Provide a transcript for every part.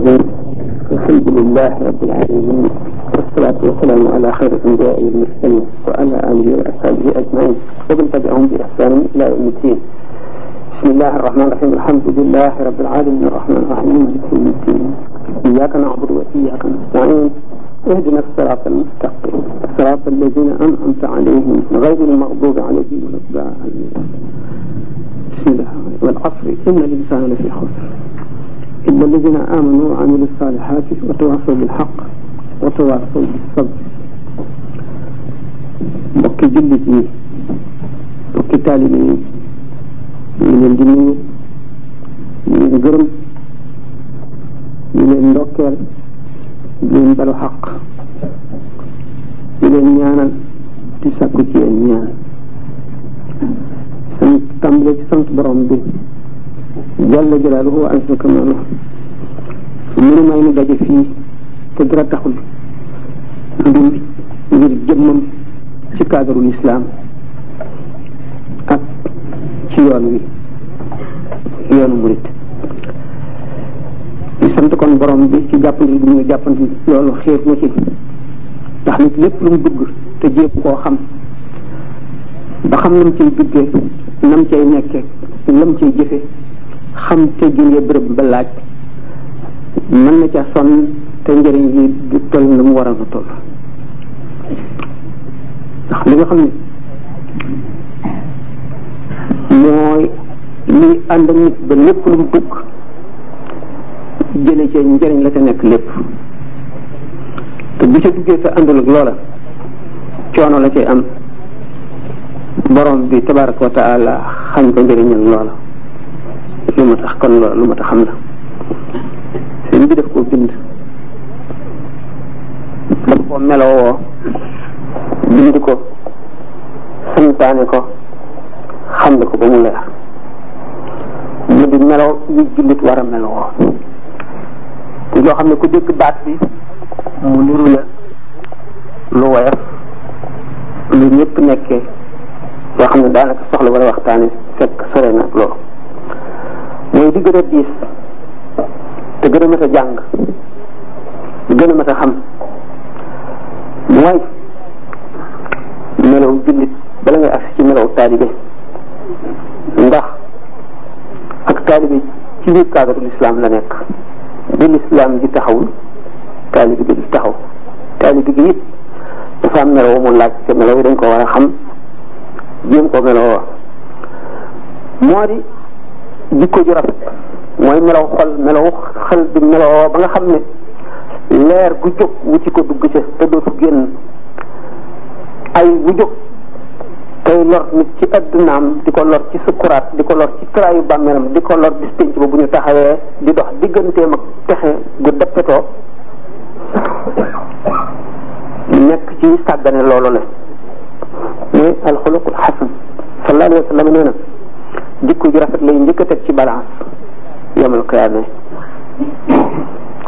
الرجيم الحمد لله رب العالمين والصلاة والسلام على خير الأنبياء والمرسلين وعلى آله وأصحابه أجمعين ومن تبعهم بإحسان إلى يوم الدين بسم الله الرحمن الرحيم الحمد لله رب العالمين الرحمن الرحيم مالك يوم الدين إياك نعبد وإياك نستعين اهدنا الصراط المستقيم صراط الذين أنعمت عليهم غير المغضوب عليهم ولا الضالين بسم الله والعصر إن الإنسان لفي خسر إن الذين آمنوا وعملوا الصالحات وتواصوا بالحق وتواصوا بالصبر mbokki jullit yi mbokki taalibe yi ñu ngi leen di nuyu ñu leen gërëm ñu leen ndokkeel ñu leen balu xaq ñu leen ñaanal di sàkku ci yéen ñaan sant tàmbale ci sant borom bi jalla jalaaluhu wa ansa kamaaluhu mënu may nu daje fii te dara taxul lu dul ngir jëmmam ci cadre lislaam ak ci yoon wi yoonu murit di sant kon borom bi ci jàppandi bi muy jàppandi loolu xeet na ci nit lépp lum dugg te jéem koo xam ba xam nam cay duggee nam cay nekkee lam cay jëfe xam teggin ya bërëb ba laaj mën na ca sonn te njëriñ yi du toll na mu war a toll ndax li nga xam ni mooy li ànd ak nit ba lépp lu mu bëgg jële ci njëriñ la ca nekk lépp te bu ca duggee te àndul ak loola coono la cay am borom bi tabaraka wa taala ko njëriñal loola ma tax kon loolu lu ma tax xam la sëñ bi daf koo bind daf koo melowoo bind ko santaane ko xam ne ko ba mu leer mu di melow yu jullit war a melowoo yoo xam ne ku dégg baat bi mu niru la lu woyof lu ñëpp nekkee yoo xam ne daanaka soxla war a waxtaane fekk sore na loolu mooy di gën a diis te gën a mën a jàng di gën a mën a xam mooy melaw jullit bala ngay agsi ci melaw taalibe ndax ak taalibe ci biir cadre l'islam la nekk bi l'islam ji taxawul taalibe gi di taxaw taalibe gi it dafa am melaw mu laaj te melaw yi dañ ko war a xam jéem ko melawoo moo di jikko ju rafet mooy melaw xol melaw xel bi melawoo ba nga xam ne leer gu jóg wu ci ko dugg ca te dootu génn ay wu jóg tey lor nit ci addunaam di ko lor ci sukkuraat di ko lor ci kiraayu bàmmeelam di ko lor bis ba bu ñu taxawee di dox digganteem ak texe gu deppetoo nekk ci sàggane loolu la muy alxuluqul xasan sallallahu alayhi wa jikko ju rafet lay njëkk a teg ci balance yomal xiyaame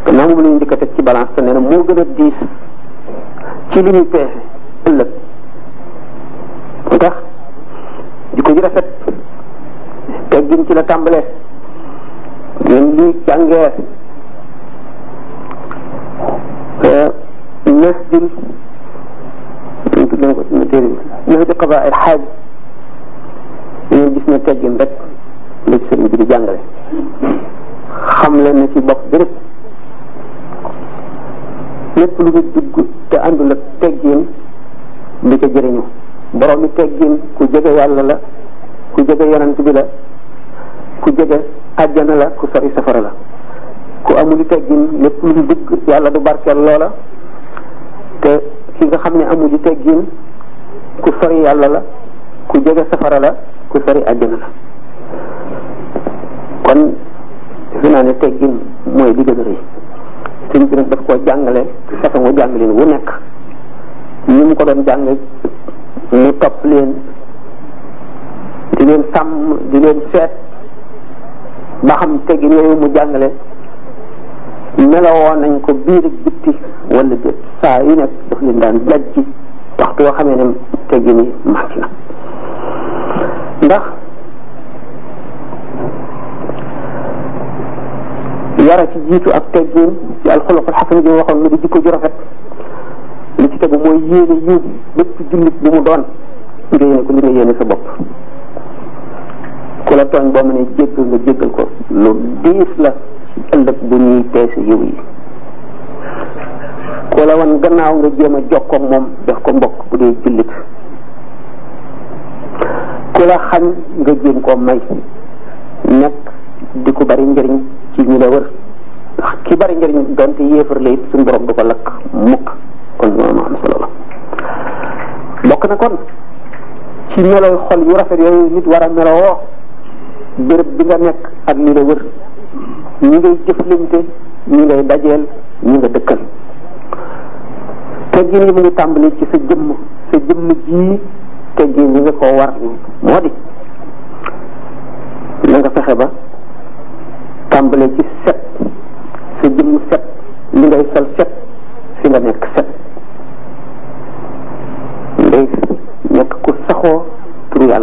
gannaaw moom la ñu njëkk a teg ci balance te nee na moo gën a diis ci li ñuy peese ëllëg moo tax jikko ju rafet la tàmbalee ngeen di jàngee nas din nañ tudd ko téere eh, nas di xabaa'il xaaj ne teggin rek jàngale xam leen na ci bopp bi lépp lu dugg te àndul ak teggin di ca jëriñu borom mi ku jege yàlla la ku jege yonent bi la ku jege àjjana la ku sori safara la ku amul teggin lépp lu ñu dugg yàlla du barkeel loola te ki nga xam ni amul teggin ku sori yàlla la ku jege safara la ku sori àjjana la kon defe naa ne teggin mooy di gën a rëy suñ bi nag daf koo jàngale façon wu jàngaleen wu nekk ñi mu ko doon jàng mu topp leen di leen sàmm di leen seet ba xam teggin yooyu mu jàngale melowoo nañ ko biir ak bitti wala déet saa yu nekk daf leen daan jaj ci waxtu woo xamee ne teggin màcc na ndax yara ci jiitu ak teggin ci alxuluqul xasan ji waxoon lu di jikko ju rafet li ci tegu mooy yéene yiw bépp jullit bi mu doon nga yéene ko li nga yéene sa bopp ku la tooñ boo ma ne jéggal nga jéggal ko lu diis la ci ëllëg bu ñuy peese yiw yi ku la wan gannaaw nga jéem a jox ko moom def ko mbokk bu dee jullit ku la xañ nga jéem koo may nekk di ko bari njëriñ ci ñi la wër ki bari njëriñ donte yéefar la it suñu borom ko lakk mukk kon loolu moo am solo la bokk na kon ci meloy xol yu rafet yooyu nit war a melowoo béréb bi nga nekk ak li la wër ñi ngay jëflante ñi ngay dajeel ñi nga dëkkal teggin yi mu ngi tàmbali ci sa jëm sa jëmm jii teggin ñi nga koo war moo di na nga fexe ba tàmbalee ci set sa jëmm set li ngay sol set fi nga nekk set ngay nekk ku saxoo turu la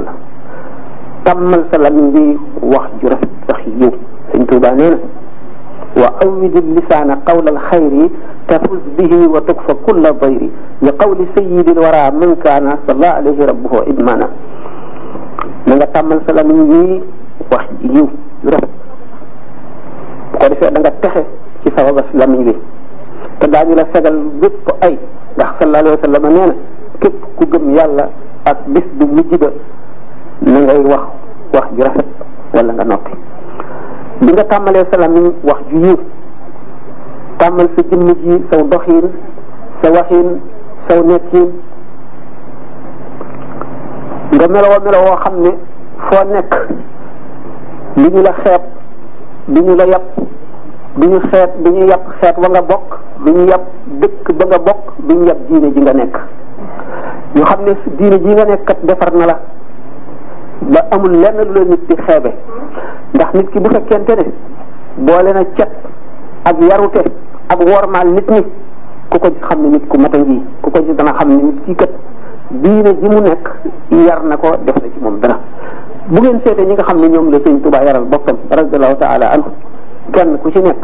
tàmmal sa lamiñ bi wax ju rafet sax yiw sëñ Tuubaa nee na wa la lisaana qawlal xayri تفوز به وتكفى كل ضير لقول سيد الورى من كان صلى عليه ربه إدمانا na nga tàmmal sa lamiñ yi wax yiw yu rafet bu ko defee da nga texe ci sa wagas lamiñ bi te daañu la fegal bépp ay ndax sallallahu alayhi wa sallam nee na képp ku gëm yàlla ak bis bu mujj ba na ngay wax wax ju rafet wala nga noppi bi nga tàmmalee sa lamiñ wax ju yiw tàmmal sa jëmm ji saw doxiin sa waxiin saw nekkiin nga meloo meloo xam ne foo nekk du ñu la xeet du ñu la yàpp du ñu xeet du ñu yàpp xeet ba nga bokk du ñu yàpp dëkk ba nga bokk du ñu yàpp diine ji nga nekk ñu xam ne diine ji nga nekk kat defar na la ba amul lenn lu la nit di xeebe ndax nit ki bu fekkente ne boole na cet ak yarute ak wormaal nit ñi ku ko xam ne nit ku mata ngi ku ko ci dana xam ne nit kii kat diine ji mu nekk yar na ko def na ci moom dana bu ngeen seetee ñi nga xam ne ñoom la sëñ Tuubaa yaral bokkam radiallahu taala anhu kenn ku ci nekk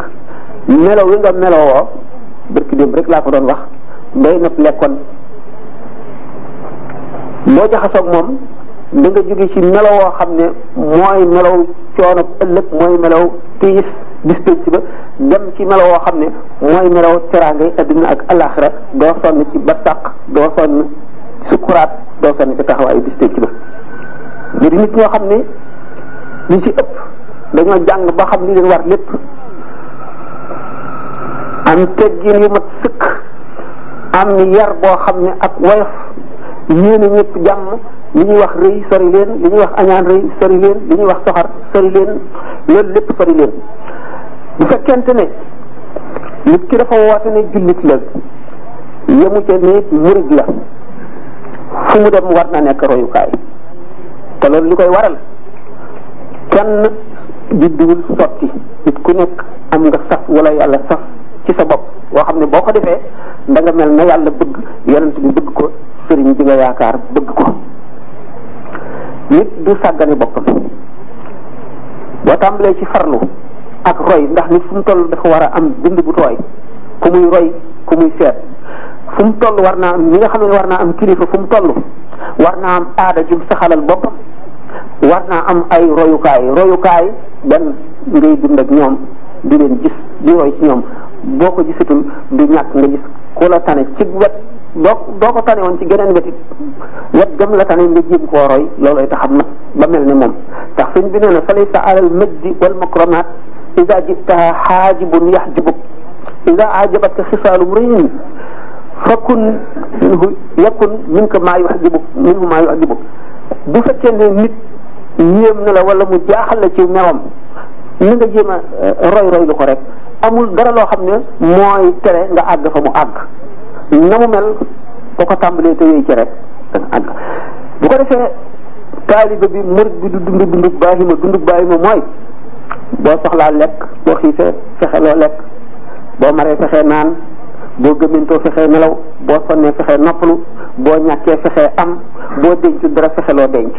melo wi nga melowoo bërki démb rek laa ko doon wax nday nopp lekkoon boo jaxasoog moom da nga jóge ci melo woo xam ne mooy melow coono ëllëg mooy melow tiis bis pénc ba dem ci melo woo xam ne mooy melaw teraangay adduna ak alaxira doo sonn ci battaq doo sonn sukuraat doo sonn ci taxawaayu bis ba ñu nit ñoo xam ne ñu ci ëpp dañoo jàng ba xam li leen war lépp am teggin yu mat sëkk am yar boo xam ne ak woyof yéene ñëpp jàmm li ñuy wax rëy sori leen li ñuy wax añaan rëy sori leen li ñuy wax soxar sori leen loolu lépp sori leen bu fekkente ne nit ki dafa woote ne jullit la yemu ca ne murid la fu mu dem war na nekk royukaay te loolu li koy waral kenn judduwul sotti nit ku nekk am nga saf wala yàlla saf ci sa bopp boo xam ne boo ko defee danga mel na yàlla bëgg yonent bi bëgg ko sëriñ bi nga yaakaar bëgg ko nit du sàggane boppam boo tàmbalee ci farlu ak roy ndax nit fu mu toll dafa war a am dund bu tooy ku muy roy ku muy seet fu mu toll war naa am ñi nga xam ne war naa am kilifa fu mu toll war naa am aada jum saxalal boppam war naa am ay royukaay royukaay benn ngay dund ñoom du leen gis di roy ci ñoom boo ko gisatul du ñàkk nga gis ku la tane ci wet doo ko tane woon ci geneen wet it wet gëm la tane nga jéem koo roy loolooy taxam ba mel ne moom tax sëñ bi nee na fa laysa alal majdi wal makramat ida jitaha xaajibun yaxjibuk ida ajabatka xisaalum riyin fa kun minhu yakun min ko maa yuxjibuk minhu maa yuxjibuk bu fekkee ne nit yéem na la wala mu jaaxal la ci mewam ni nga jéem a euh, roy roy lu ko rek amul dara loo xam ne mooy tere nga àgg fa mu àgg na mu mel boo ko tàmbalee te yooyu ci rek dana àgg bu ko defee taaliba bi murid bi du dund dundub baahima dundub baahima mooy boo soxlaa lekk boo xiifee fexe loo lekk boo maree fexe naan boo gëmmintoo fexe nelaw boo sonnee fexe noppalu boo ñàkkee fexe am boo denc dara fexe loo denc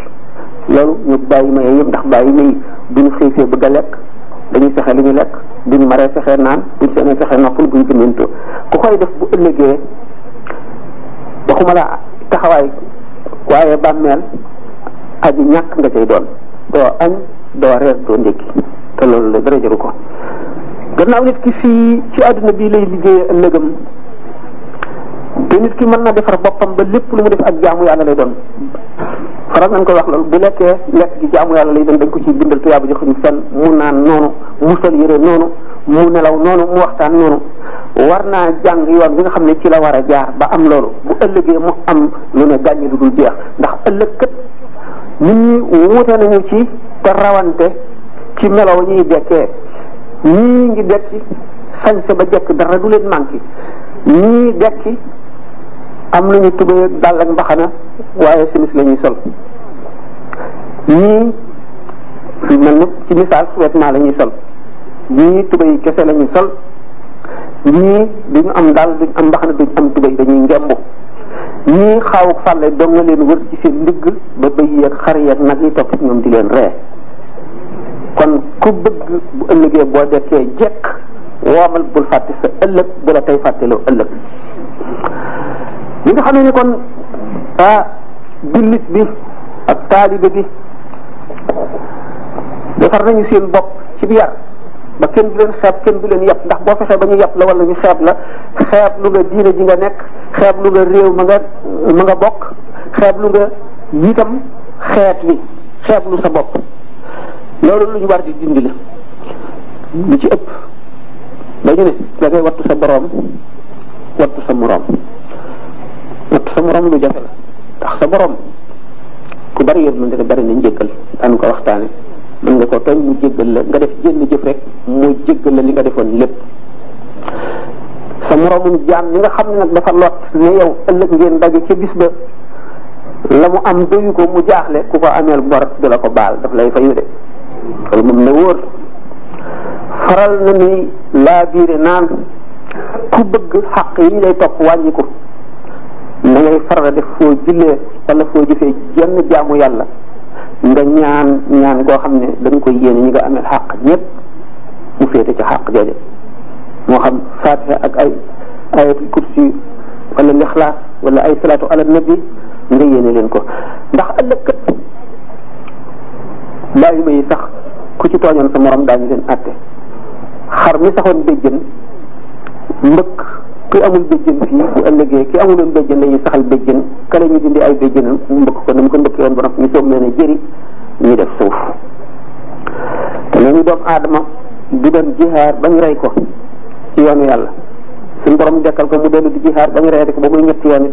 loolu ñu bàyyi ma yëpp ndax bàyyi ma yi bu ñu xiifee bëgg a lekk dañuy fexe li lekk bu ñu maree fexe naan bu ñu sonnee fexe noppalu bu ñu gëmmintoo ku koy def bu ëllëgee waxuma la taxawaay waaye bàmmeel aji ñàkk nga cay doon doo añ doo reer doo ndékki te loolu la dara jaru ko gannaaw nit ki fii ci àdduna bii lay liggéeyee ëllëgam te nit ki mën na defar boppam ba lépp lu ma def ak jaamu yàlla lay doon faral nañ ko wax loolu bu lekkee lekk jaamu yàlla lay doon dañ ko ciy bindal tuyaaba joxuñu fenn mu naan noonu mu sol yére noonu mu nelaw noonu mu waxtaan noonu war naa jàng yoon bi nga xam ne ci la war a jaar ba am loolu bu ëllëgee mu am lu ne gàññi lu dul jeex ndax ëllëg kat nit ñi wuute nañu ci te rawante ci melow ñuy dekkee ñii ngi dekki sañse ba jekk dara du leen manqué ñii dekki am nañu tubéy ak dàll ak mbaxana waaye simis lañuy sol ñii fi mel na ci misaal vêtement la ñuy sol ñii tubéy kese la ñuy sol ñii duñu am dàll di am mbaxana duñu am tubéy dañuy ngemb ñii xaawuk fàlle dong nga leen wër ci seen ndigg ba bëy yeeg xar yeeg nag yi topp ñoom di leen ree kon ku bëgg bu ëllëgee boo dekkee jekk woomal bul fàtte sa ëllëg bu la tey fàtteloo ëllëg li nga xam ne ni kon ah jullit bi ak taalibe bi defar nañu seen bopp ci bi yar ba kenn bu leen xeeb kenn bu leen yàpp ndax boo fexee ba ñu yàpp la walla ñu xeeb la xeeb lu nga diine ji nga nekk xeeb lu nga réew ma nga ma nga bokk xeeb lu nga yitam xeet wi xeeb lu sa bopp loolu lu ñu war di dindi la lu ci ëpp dañu ne da ngay wattu sa boroom wattu sa moroom wattu sa moroom lu jafe la ndax sa boroom ku bari yërmande la bari na njéggal daanu ko waxtaane nga ko tooñ mu jéggal la nga def jénn jëf rek mu jéggal la li nga defoon lépp sa moroomum jaam li nga xam ne nag dafa lot ne yow ëllëg ngeen daje ca bis ba la mu am doyu ko mu jaaxle ku ko ameel bor du la ko baal daf lay fayu de loolu moom la wóor faral na ni laa biire naan ku bëgg xaq yi ñu lay topp wàññi ko na ngay faral def foo jullee wala foo jëfee jenn jaamu yàlla nga ñaan ñaan goo xam ne da koy yéene ñi nga amee xaq ñépp mu féete ci xaq jooje moo xam fatiha ak ay ayatul kursi wala lixlaas ay salaatu ala nabi nga yéene leen ko ndax ëllëg kat laa ma yi sax ku ci tooñoon sa morom daañu leen àtte xar mi saxoon béjjën mbëkk ki amul béjjën fii bu ëllëgee ki amuloon béjjën dañuy saxal béjjën kale ñu dindi ay béjjën mu mbëkk ko ni mu ko mbëkkee woon ba noppi ñu soog nee ne jëri ñu def suuf te nee ñu aadama du doon jihaar bañ rey ko ci yoonu yàlla suñ borom dekkal ko mu dellu di jihaar bañ rey ko ba muy ñetti yoon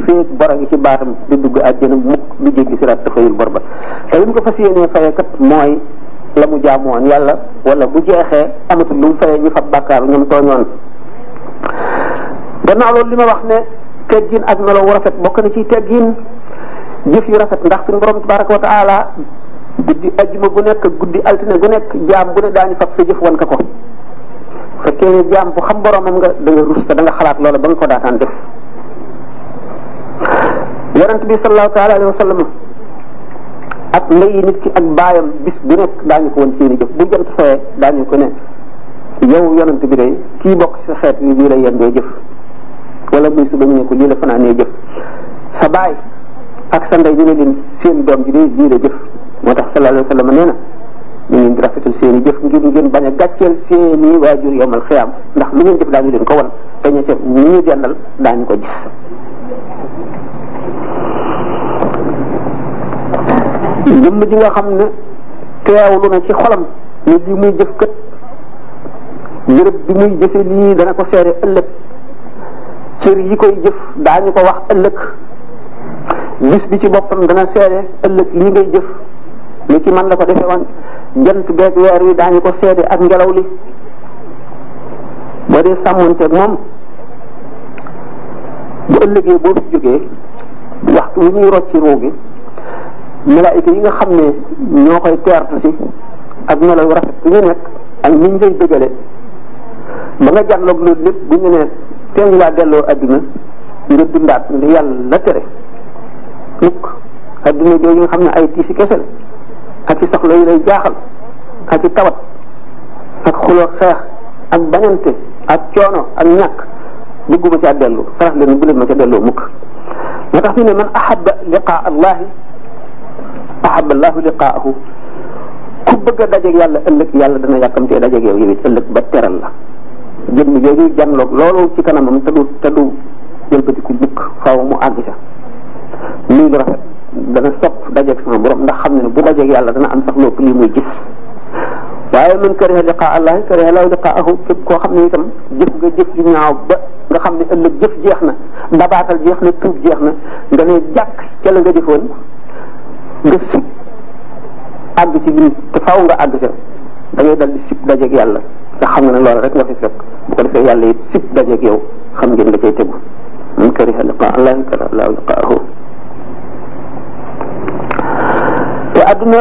it feeg ngi ci baatam du dugg àjjana mukk du jéggi siraat tafayul bor ba te li mu ko fas yéenee fayee kat mooy la jaamoon yàlla wala bu jeexee amatul lu mu fayee ñu fab bàkkaaru ñoom tooñoon gannaaw loolu li ma wax ne teggin ak melo wu rafet bokk na ci teggin jëf yu rafet ndax suñu borom tabaraka wa taala guddi ajjuma gu nekk guddi altine gu nekk jaam bu ne daañu fab sa jëf wan ko fekkee ne jaam bu xam boromam nga da nga rus te da xalaat loola ba nga ko daataan def yonent bi sallallahu taala alayhi wa sallam ak ndeyi nit ki ak baayam bis bu nekk daañu ko woon seeni jëf bu jant sowee daañu ko ne yow yonent bi day kii bokk xeet yi lii la yendee jëf wala buy suba ñu ne ko lii la fanaanee jëf sa baay ak sa ndey ñu ne leen seen doom ji day lii la jëf moo tax sallallahu alayhi wa sallam nee na ñu seen i jëf ngir ngeen bañ a gàcceel seen i waajur yowmal xiyaam ndax lu ngeen jëf daañu leen ko wan te ñu ñu dendal daañu ko gis jëmm ji nga xam ne teewlu na ci xolam ni li muy jëf kat yërëb bi muy dana ko seere ëllëg cër yi koy jëf daañu ko wax ëllëg gis bi ci boppam dana seere ëllëg li ngay jëf ni ci man la ko defee woon jant beeg weer wi daañu ko seere ak ngelaw li boo dee sàmmonteeg moom bu ëllëgee boo fi jógee waxtu wu ñuy rocci roo malaayika yi nga xam ne ñoo koy teertu si ak melaw rafet bi ñu nekk ak ni ñu lay dëgale ba nga jàlloog loolu lépp bu ñu ne teeñ laa delloo adduna nga li yàlla la tere mukk nga xam ne ay tiisi kese ak i soxla yi lay jaaxal ak i tawat ak xuloo xeex ak bañante ak coono ak ñàkk bëgguma ca dellu farax leen bu leen ma ca delloo mukk moo tax ñu ne man ahabba liqaa allahi ahab allahu liqaahu ku bëgg a dajeeg yàlla ëllëg yàlla dana yàkkamtee dajeeg yow yow it ëllëg ba teral la jëmm jooju jànloog loolu ci kanamam ta du te du jëlbatiku mukk faaw mu àgg ca lii lu rafet dana sopp dajeeg ndax xam ne ne bu dajeeg yàlla dana am sax lépp lii muy gis waaye man kariha liqaa allah kariha law liqaahu képp koo xam ne itam jëf nga jëf ju ñaaw ba nga xam ne ëllëg jëf jeex na ndabaatal jeex na tuub jeex na nga ne jàkk ca la nga jëfoon nga sib àgg ci lii te faaw nga àgg ca da ngay dal di sib dajeeg yàlla nga xam nga ne loola rek nga fi fekk bu ko defee yàlla it sib dajeeg yow xam ngeen la cay tegu man kariha liqaa allahi kariha allahu liqaahu te adduna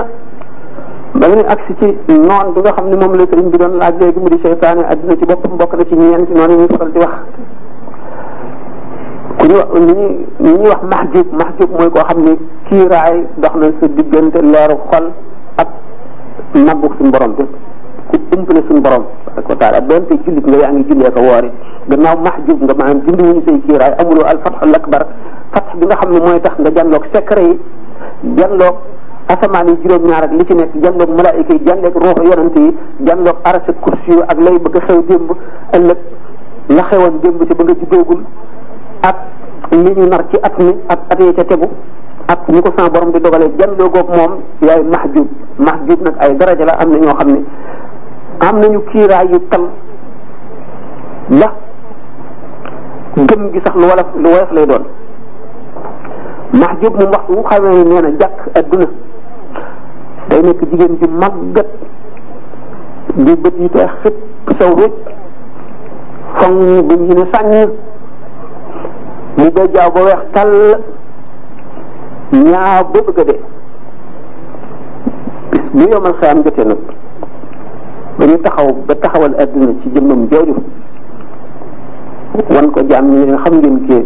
ba nga ñu agsi ci noon bi nga xam ni moom la sëriñ bi doon laaj léegi mu di seytaane adduna ci boppam bokk na ci ñeenti noonu yi ñuy faral di wax ku ñu wax li ñuy li ñuy wax maxjub maxjub mooy koo xam ne kiiraay dox na sa diggante leeru xol ak màggug suñu borom bi ku umpale suñu borom tabaraka wa taala doonte jullit nga yaa ngi jullee ko woori gannaaw maxjub nga maanaam dindi wuñu say kiiraay amuloo al fatxul akbar fatx bi nga xam ne mooy tax nga jànloog secret yi jànloog asamaan yi juróom-ñaar ak li ci nekk jànloog malaayika yi jànloog ruuxu yonent yi jànloog ak lay bëgg a xew démb ëllëg la xewoon démb ci ba ak li ñu nar ci at mi ak at yee ca tegu ak ñu ko sama borom di dogalee jan loogoog moom yaay mahjub mahjub nag ay daraja la am na ñoo xam ne am nañu kiiraay yu tal la gën gi sax lu wala lu woyof lay doon mahjub moom waxtu wu xamee ne nee na jàkk adduna day nekk jigéen ju màggat di bët yi te xëpp saw wécc foŋ bu ñu ne sàññ mu bejjaaw ba weex tàll ñaaw ba bëgg a dee bis bu yomal xayaam jotee nag ba ñu taxaw ba taxawal àdduna ci jëmmam jooju wan ko jaam ñi xam ngeen kee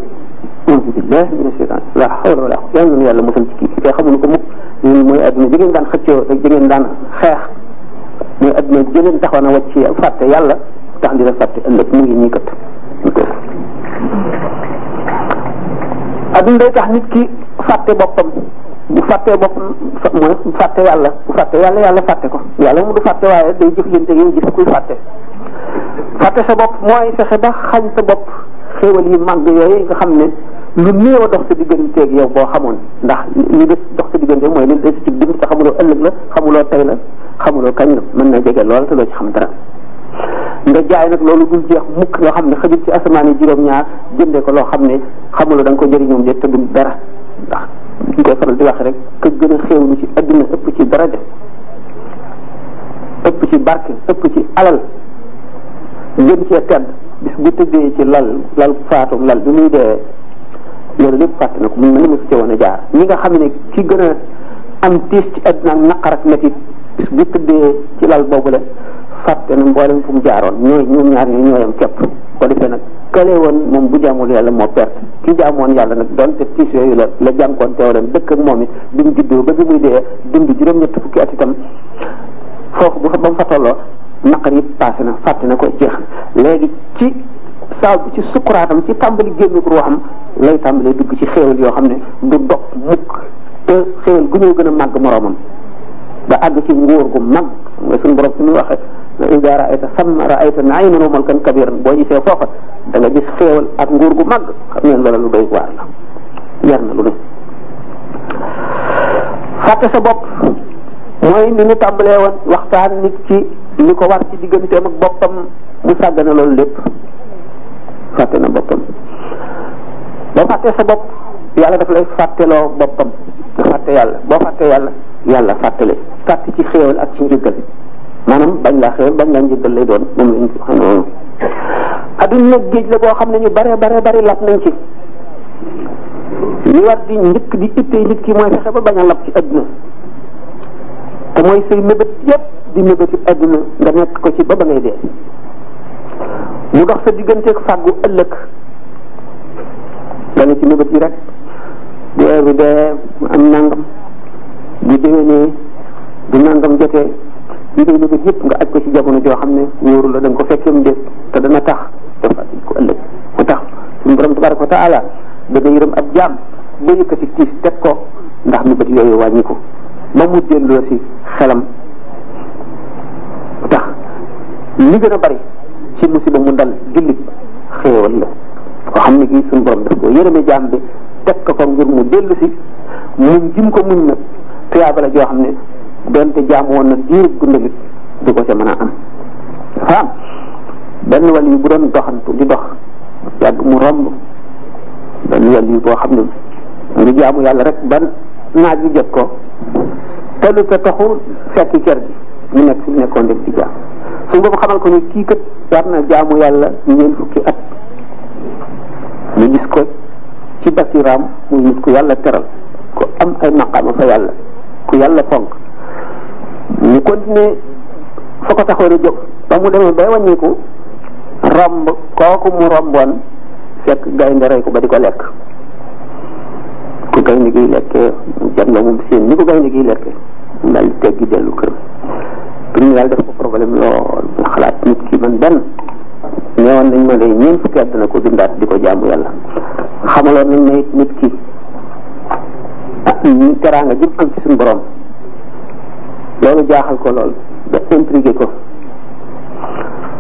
auzu billahi mina la hawla wala yàlla yàlla musal ci ko mukk lii mooy àdduna ji ngeen daan xëccoo ak ji ngeen daan xeex mooy àdduna ji ngeen taxaw na wàcc fàtte yàlla tax di la fàtte ëllëg mu ngi nii kat adduna day tax nit ki fàtte boppam bu fàttee boppam mooy fàtte yàlla bu fàtte yàlla yàlla fàtte ko yàlla mu du fàtte waaye day jëflante yow gis kuy fàtte fàtte sa bopp mooy fexe ba xañ sa bopp xéewal yi màgg yooyu nga xam ne lu néew a dox sa digganteeg yow boo xamoon ndax li nga dox sa diggante mooy li des ci dund te xamuloo ëllëg la xamuloo tey la xamuloo kañ la mën na jege lool te doo ci xam dara nga jaay nag loolu dul jeex mukk nga xam ne xajul ci asamaan yi juróom-ñaar jëndee ko loo xam ne xamuloo da nga ko jëriñoom de te du dara ndax ñu koy rek gën a xéewlu ci adduna ëpp ci daraja ëpp ci barke ëpp ci alal gën cee tedd bis bu tëddee ci lal lal faatu lal bi muy dee loolu lépp fàtte ko mun na ni mosu ci woon a jaar ñi nga xam ne ki gën a am tiis ci adduna naqar ak bis bu tëddee ci lal boobu la fàtte na mboolem fu mu jaaroon ñooy ñoom ñaar ñi ñooyam képp ko defee nag kële woon moom bu jaamul yàlla moo perte ki jaamoon yàlla nag donte tiis yooyu la la jànkoon teewalem dëkk ak moom it mu juddoo ba bi dee dund juróom-ñett fukki at itam foofu bu fa ba mu fa na fàtte na ko jeex léegi ci saa bi ci sukkuraatam ci tàmbali génn ko xam lay tàmbalee dugg ci xéewal yoo xam ne du dog mukk te xéewal gu ñëw gën a màgg moroomam ba àgg ci nguur gu mag nga suñu borom su waxee wa ida raayta samma raayta naiman boo gisee foofa da nga gis xéewal ak nguur gu mag xam ngeen lu doy waar la yar sa bopp mooy ni ñu tàmbalee woon waxtaan nit ci li ko war ci digganteem ak boppam mu sàggane loolu lépp fàtte na boppam boo fàttee sa bopp yàlla daf lay fàtteloo boppam fàtte yàlla boo fàtte yàlla yàlla fàttale fàtte ci xéewal ak ci njëggal maanaam bañ laa xewal bañ laa njëggal lay doon moom lañ xam noonu adduna géej la boo xam ne ñu bare bare bare lap nañ ci li war di njëkk di ittee nit ki mooy fexe ba bañ a lap ci adduna te mooy say mébét yépp di mébéti adduna nga nekk ko ci ba ba ngay dee mu dox sa digganteeg fàggu ëllëg nga ne ci mébét yi rek weer bi dee am nangam bu déwénee bu nangam jotee li ngay yëpp nga aj ko ci jamono joo xam ne wóoru la da ko fekkeem déet te dana tax dafa ko ëllëg moo tax suñu borom tabaraka wa taala dana yërëm ab jaam ba yëkkati tiis teg ko ndax mébét yooyu wàññi ko ba mu delloo si xelam tax li gën a bari ci musiba mu dal jullit xam ne gii suñu borom daf ko yërëme jaam bi teg ko ko ngir mu dellu si jim ko muñ nag tuyaaba la xam ne donte jaam woon na diir dundam it du a am am benn wàll yi bu doon doxantu di dox yàgg mu romb benn wàll boo xam ne mu ngi jaamu yàlla rek ban naaj bi ko te lu ca taxul fekki cer gi ñu nekk fi nekkoon def di jaam suñ boobu xamal ko ni kii kat war na jaamu yàlla ñeent fukki at ñu gis ko ci basiraam ku yàlla teral ku am ay maqaama fa yàlla ku yàlla fonk mu continuer fa ko taxoon a jóg ba mu demee bay wàññiku romb kooku mu romboon fekk gaynde rey ko ba di ko lekk ku gaynde giy lekkee mu jam la mu seen ni ko gaynde ki lekkee mu daal di teggi dellu def ko problème lool mu xalaat nit ki man benn ko dundaat di ko jaamu yàlla xamaloon nañ ne nit ki teraanga jëm am borom loolu jaaxal ko lool ba intrigué ko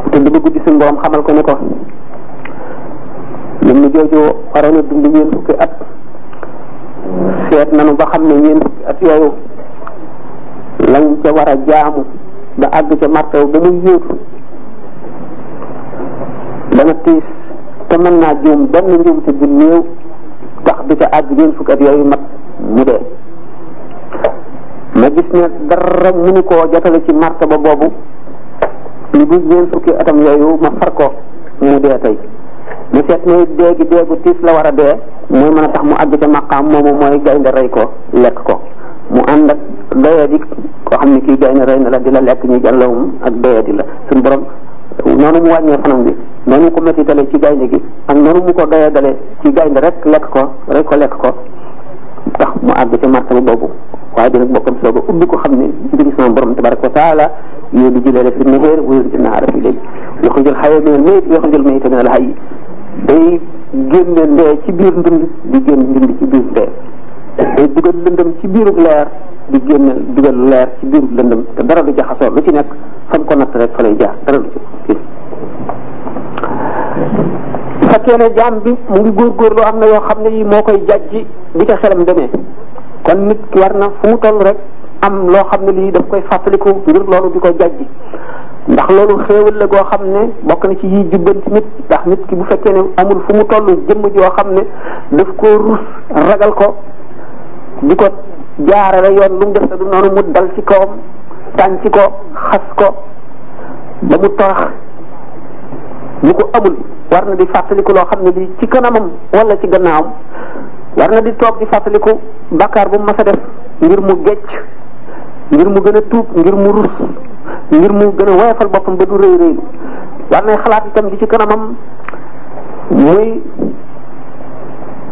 te li ma guddi suñu borom xamal ko ne ko ñun ñu jooju waroon a dund ñeent fukki at seet nanu ba xam ne ñeent fukki at yooyu lañ ca war a jaamu da àgg ca martaw ba muy yéegu dana tiis te mën naa juum benn njuumte bu néew tax du ca àgg ñeent fukki at yooyu mat mu dee ma gis ne dara mënu koo jotale ci martaba boobu lu dul ñeent fukki atam yooyu ma far ko mu dee tey mu seet ne déegi déegu tiis la war a dee mooy mën a tax mu àgg ca maqaam moomu mooy gaynde rey ko lekk ko mu ànd ak doyadi koo xam ne kii gaynde rey la di la lekk ñu jàllawum ak doyadi la suñu borom noonu mu wàññee fanam bi noonu mu ko métitale ci gaynde gi ak noonu mu ko doyadale ci gaynde rek lekk ko rek ko lekk mu àgg ca martaba boobu waaye dina bokkam soog xam ne mbiri sama borom tabaraka wa taala yooyu di jëlee fi naheer wa yuriju nahaara fi layl yuxrijul xayya ci biir ndund di génn ndund ci biir ndee day dugal lëndëm ci leer ci biirub lëndëm te dara du jaxasoo lu ci nekk fam ko natt fa lay jaar dara du ci fekkee ne jaam bi mu ngi góorgóorlu am na yoo xam ne yi moo koy jàjji bi ca xelam demee kon nit ki war na fu mu toll rek am loo xam ne lii daf koy fàttaliku ngir loolu di ko jajji ndax loolu xéewal la goo xam ne bokk na ci yiy jubbanti nit ndax nit ki bu fekkee ne amul fu mu toll jëmm joo xam ne daf ko rus ragal ko di ko jaarale yoon lu mu def du noonu mu dal ci kawam tànc ko xas ko ba mu torax bu ko amul war na di fàttaliku loo xam ne lii ci kanamam wala ci gannaawam war na di toog di fàttaliku bàkkaar bu mu mas a def ngir mu gecc ngir mu gën a tuub ngir mu rus ngir mu gën a woyofal boppam ba du rëy rëy war na xalaat itam di ci kanamam muy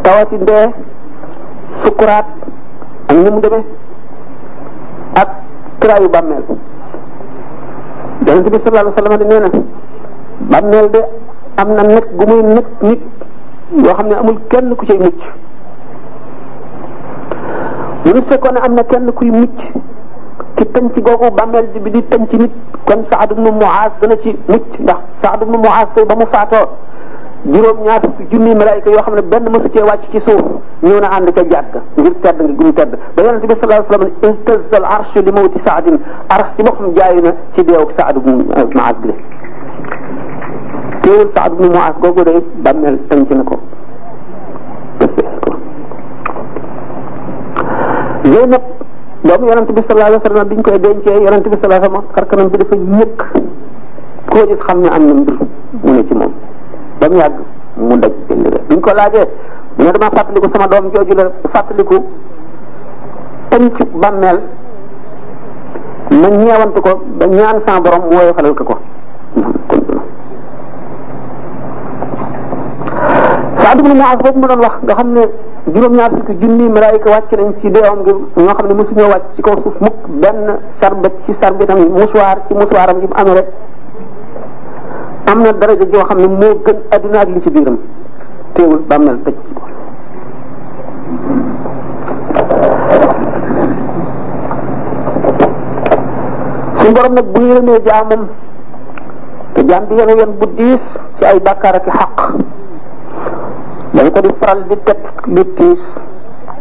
tawati ndee sukkuraat ak ni mu demee ak kiraayu bàmmeel yonent bi sallallahu alayhi wa nee na bàmmeel de am na nekk gu muy nekk nit yoo xam ne amul kenn ku cay mucc bu fekkoon ne am na kenn kuy mucc ci tënc googu bàmmeel bi di tënc nit kon Saad ibnu Muaaz dana ci mucc ndax Saad ibnu Muaaz tey ba mu faatoo juróom ñaar fukki junni malaayika yoo xam ne benn mësu cee wàcc ci suuf ñëw na ànd ca jàkk ngir tedd nga gum tedd ba yonente bi sallallahu alayhi wa sallam intazza al arsh li mawti saadin arsh ci boppam jaayu na ci deewug Saad ibnu Muaaz bi la téewul Saad ibnu Muaaz googu day bàmmeel tënc na ko yow nag doomu yonent bi sallallahu alayhi wa sallam bi ñu koy dencee yonent bi sallallahu alayhi wa sallam xarkanam bi dafa yëkk koo gis xam ne am na mbir mu ne ci moom ba mu yàgg mu daj bi ñu ko laajee mu ne dama fàttaliku sama doom jooju la fàttaliku tënk bàmmeel ma ñeewantu ko ba ñaan sa borom mu woyofalal ko. Saad ibn Muaaz xam ne juróom-ñaar fukki junni malaayika wàcc nañ ci deewam ngir ñoo xam ne mosu ñoo wàcc ci kaw suuf mukk benn sarbet ci sarbetam musuwaar ci musuwaaram yi mu amee rek am na daraja joo xam ne moo gën adduna li ci biiram teewul bàmmeel tëj suñu borom nag bu yërëmee jaamam te jaam bi yenu yen bu diis ci ay bàkkaar ak xaq dañ ko di faral di teg lu tiis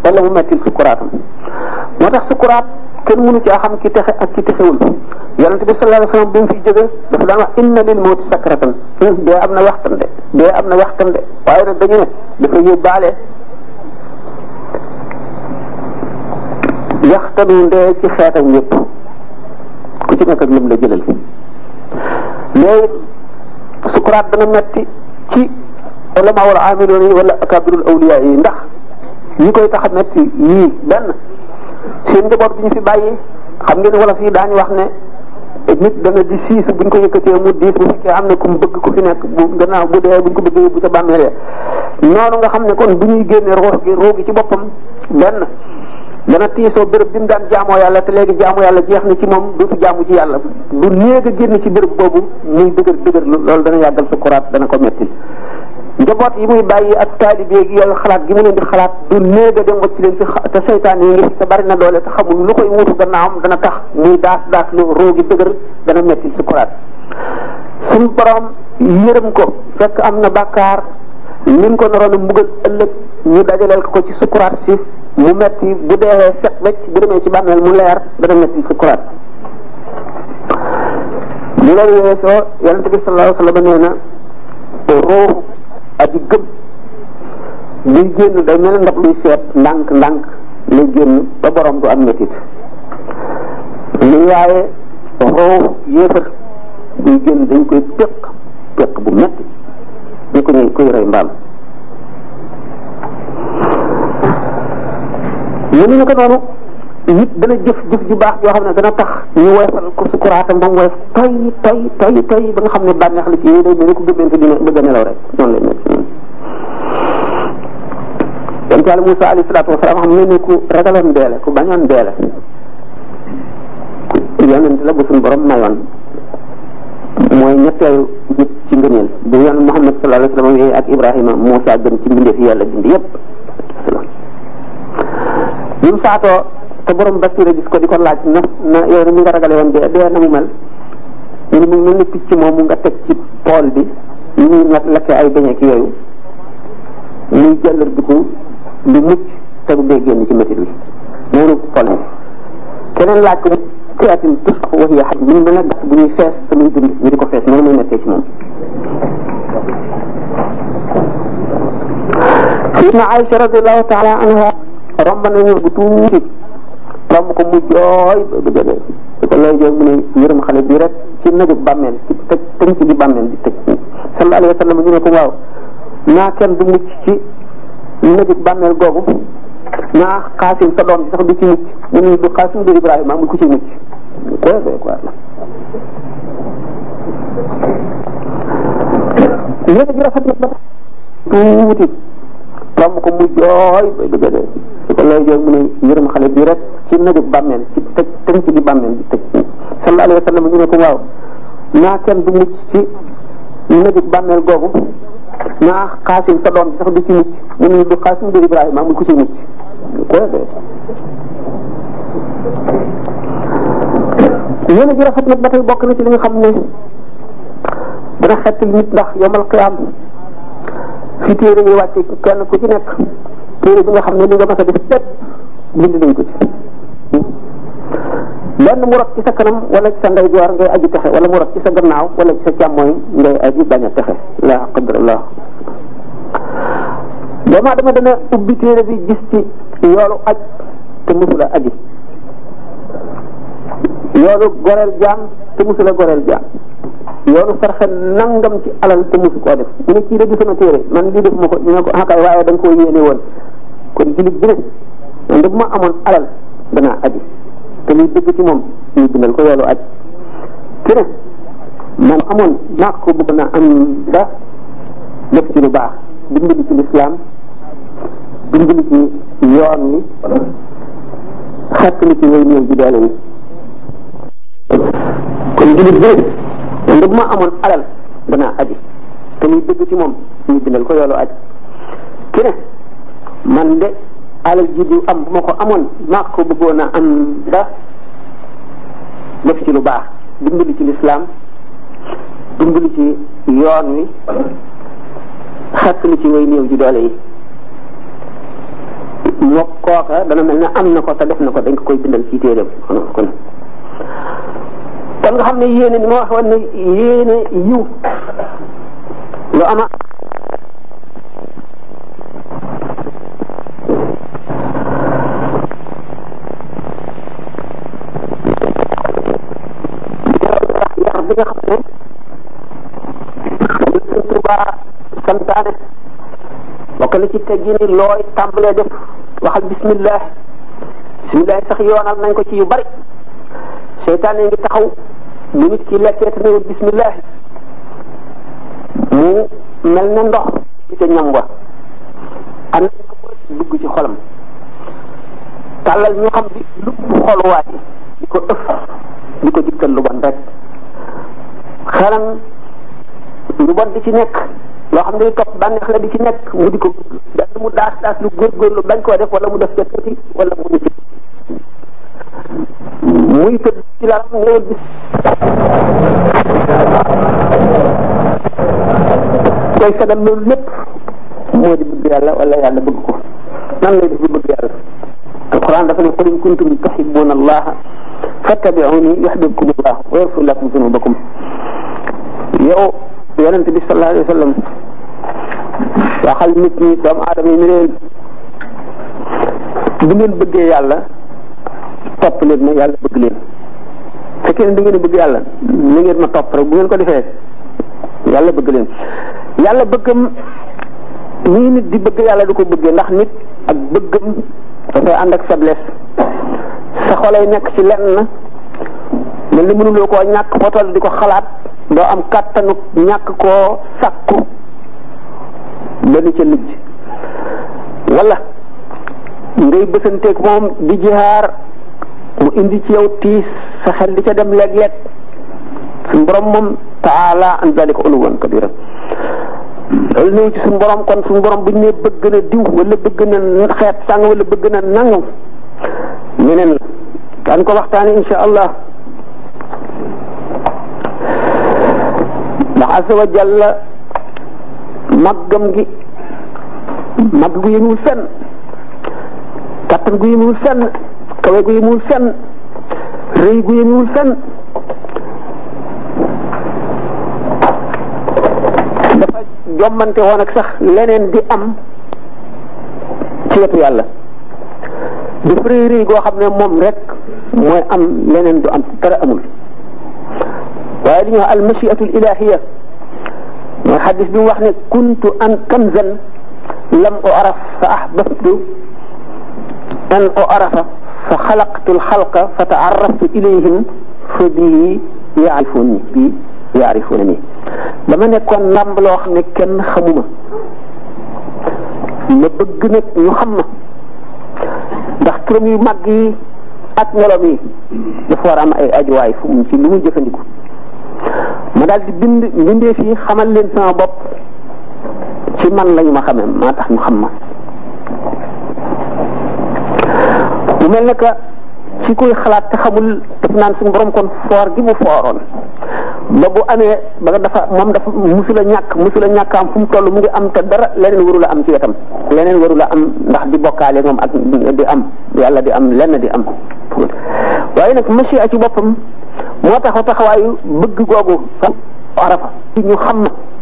wala mu mettil sukuraatam moo tax sukuraat kenn mënu caa xam ki texe ak ki texewul yonente bi sallallahu alayhi wasallam bi mu fi jóge dafa daan wax inna lil mawti sakratan hmm, dee am na waxtan de am na waxtan de waaye na dañu ne dafa yóbbaale yaxtanu ndee ci xeetam yépp ku ci nekk ak lim la jëlal léegi sukuraat dana metti ci ulama wala amiloon yi wala akabirul awliya yi ndax yi koy tax a metti yii benn seen njaboot bi ñu fi bàyyi xam ngeen wala fii daañu wax ne nit da nga di siis buñ ko yëkkatee mu diis bu fekkee am na ko mu bëgg ko fi nekk bu gannaaw bu dee buñ ko bëggee bu ca bàmmeelee noonu nga xam ne kon bu ñuy génne roox gi roogi ci boppam benn dana tiisoo béréb bi mu daan jaamoo yàlla te léegi jaamu yàlla jeex na ci moom du fi jaamu ci yàlla génn ci béréb boobu muy dëgër loolu dana yàggal sa kuraat dana ko metti njaboot yi muy bàyyi ak taalibe gi yooyu xalaat gi mu leen di xalaat du néeg a dem wacc leen ci te seytaan yi ngi te bari na doole te xamul lu koy wuutu gannaawam dana tax muy daas daas lu roo gi dëgër dana metti ci borom yërëm ko fekk am na bàkkaar nin ko naroon a mbugal ëllëg ñu dajaleel ko ci sukuraat si mu metti bu deewee set wecc bu demee ci bàmmeel mu leer dana metti sukuraat li loolu weesoo yonente bi sallallahu alayhi wa sallam na aji gëm luy génn day mel ndax luy seet ndànk ndànk lay génn ba boroom du am ñettit luy waaye roof yéefar buy génn dañ koy péq péq bu metti ñu ko ñuy koy rey mbaam ñu ne ko noonu nit dana jëf jëf ju baax yoo xam ne dana tax ñu woyfal ko sukuraatam ba mu woyof toy toy toy toy ba nga xam ne bànneex la ci yooyu day mel ni ko gëmmente dina bëgg la ku bañoon dee la la bu suñu borom mayoon mooy ñetteelu nit ci ngëneel bu yoon Muhammad sallallahu alayhi wasallam yooyu ak Ibrahima Muusaa gën ci mbindeef yàlla bind yépp bi mu faatoo te borom basira gis ko di ko laaj na na yow ni mu nga ragale woon dee dee na mu mel ni mu mel ni picc moomu nga teg ci tool bi ni muy lakkee ay beñe ki yooyu muy jàllar bi ko lu mucc te du dee génn ci métit bi moonu tool bi keneen laaj ko créatine tous ne gas bu ñuy fees te muy dund ñu di ko fees noonu muy nekkee ci moom Sayidna Aïcha radiyallahu taala anha romb nañu bu tuuti romb ko mu jooy ba bëgg a dee su ko looy mu ne yërëm xale bi rek ci nëjub bàmmeel ci tëj tënk di bàmmeel di tëj sallallahu alayhi ne ko waaw naa kenn du mucc ci nëjub bàmmeel googu naa xaasim sa doom bi sax du ci mucc mu ne du xaasim du Ibrahima ku ci mucc koy doy quoi mu ne yërëm xale bi rek ci nëgëb bàmmeel ci tëj tënk gi bàmmeel bi tëj sallallahu alayhi wa sallam ñu ne ko waaw naa kenn du mucc ci nëgëb bàmmeel googu naa xaasim sa doom bi sax du ci mucc mu ne ku ci mucc yéen rafet nag ba tey bokk na ci li nga xam ne dana xettil nit ndax yomal xiyaam fi téere yi wàcce kenn ku ci nekk téere bi nga xam ne li nga mas def lépp bind nañ ko ci lenn mu rot ci sa kanam wala ci sa ndeyjoor ngay aji texe wala mu rot ci sa gannaaw wala ci sa càmmooñ ngay aji bañ a texe la qadrallah doomu aadama dana ubbi téere bi gis ci yoolu aj te musula aji yoolu goreel jaam te musula goreel nangam ci alal te musu koo def mu ne kii de du sama téere man lii defuma ko ñu ne ko ah waaye da nga koo kon jullit bi ne man ma amoon alal danaa aji te luy dëgg ci moom ñu bindal ko yoolu aj ki ne moom amoon naa ko bëgg na am da def ci lu baax dimbali ci lislaam dimbali ci yoon wi xettali ci way néew ji yi kon jullit bi man bu ma amoon alal danaa aji te luy dëgg ci moom ñu bindal ko yoolu aj ki ne man de alal ji du am bu ma ko amoon maa ko bëggoon a am ndax def ci lu baax dimbali ci lislaam dimbali ci yoon wi xattali ci way néew ji doole yi moo kooka dana mel ne am na ko te def na ko dañ ko koy bindal ci téeréem kon nga xam ne yéene ni ma wax woon ne yéene yiw lu ama bi nga xam ne Sëriñ Tuubaa santaane bokk na ci teggini looy tàmbalee def waxal bismillah bismillah sax yoonal nañ ko ci yu bari seytaan ngi taxaw mu nit ki lekkee tamit bismillah mu mel ne ndox ci ca ñam wa am nañ ko ci xolam tàllal ñu xam bi lubb xol waa ji ko ëf di ko digtal lu bon rek xelam lu bon di ci nekk loo xam ne li topp bànneex la di ci nekk mu di ko benn mu daas daas lu góorgóorlu bañ koo def wala mu def ca tuuti wala mu nit muy tëdd ci lalam ñëwal bis koy sanam loolu lépp moo di bëgg yàlla wala yàlla bëgg ko nan lay def di bëgg yàlla alquran dafa ne qul in kuntum tuhibbuna allaha fattabi'uni yuhibbukum allah wa yaghfir lakum dhunubakum yow yonent bi sallallahu alayhi wa sallam nit ñi doomu aadama yi ni leen bu ngeen bëggee yàlla topp leen ma yàlla bëgg leen fekkee ne da ngeen bëgg yàlla ni ngeen ma topp rek bu ngeen ko defee yàlla bëgg leen yàlla bëggam nii nit di bëgg yàlla di ko bëggee ndax nit ak bëggam dafay ànd ak faiblesse sa xolay nekk ci lenn mel ni mënuloo koo ñàkk boo toll di ko xalaat doo am kàttanu ñàkk koo sàkku lanu ca nujj wala ngay bësanteeg moom di jihaar mu indi ci yow tiis sa xel di ca dem léeg-léeg suñu borom moom taala an dalika uluwan kabira loolu néew ci suñu borom kon suñu borom bu ñu nee bëgg na diw wala bëgg na xeet sàng wala bëgg na nangam ñeneen daan ko waxtaane insha allah ndax azza wa jalla màggam gi màgg gu yemul fenn kattan gu yemul fenn kawe gu yemul fenn rëy gu yemul fenn dafa jommante woon ak sax leneen di am ci wetu yàlla dafa rëy rëy goo xam ne moom rek mooy am leneen du am dara amul waaye li ñuy wax al mashiatu al ilahiya mooy xadis bi mu wax ne kuntu an kanzan lam uraf fa ahbabtu an urafa fa xalaqtu alxalqa fa taaraftu ilayhim fa bii yaarifuuni bii yaarifuuna nii dama nekkoon ndàmb loo xam ne kenn xamuma ma bëgg nag ñu xam ma ndax turam yu mag yi ak meloom yi dafa war am ay ajuwaay fu mu ci lu muy jëfandiku ma daal di bind mbindee fii xamal leen sama bopp ci man lañu ma xamee maa tax ñu xam ma mu mel ne que ci koy xalaat te xamul def naan suñu borom kon foor gi mu fooroon ba bu amee ba dafa moom dafa musula ñàkk musula ñàkk am fu mu toll mu ngi am te dara leneen warula am ci wetam leneen warula am ndax di bokkaale moom ak di am yàlla di am lenn di am waaye nag machi a ci boppam moo taxaw taxawaayu bëgg googu fan arafa ñu xam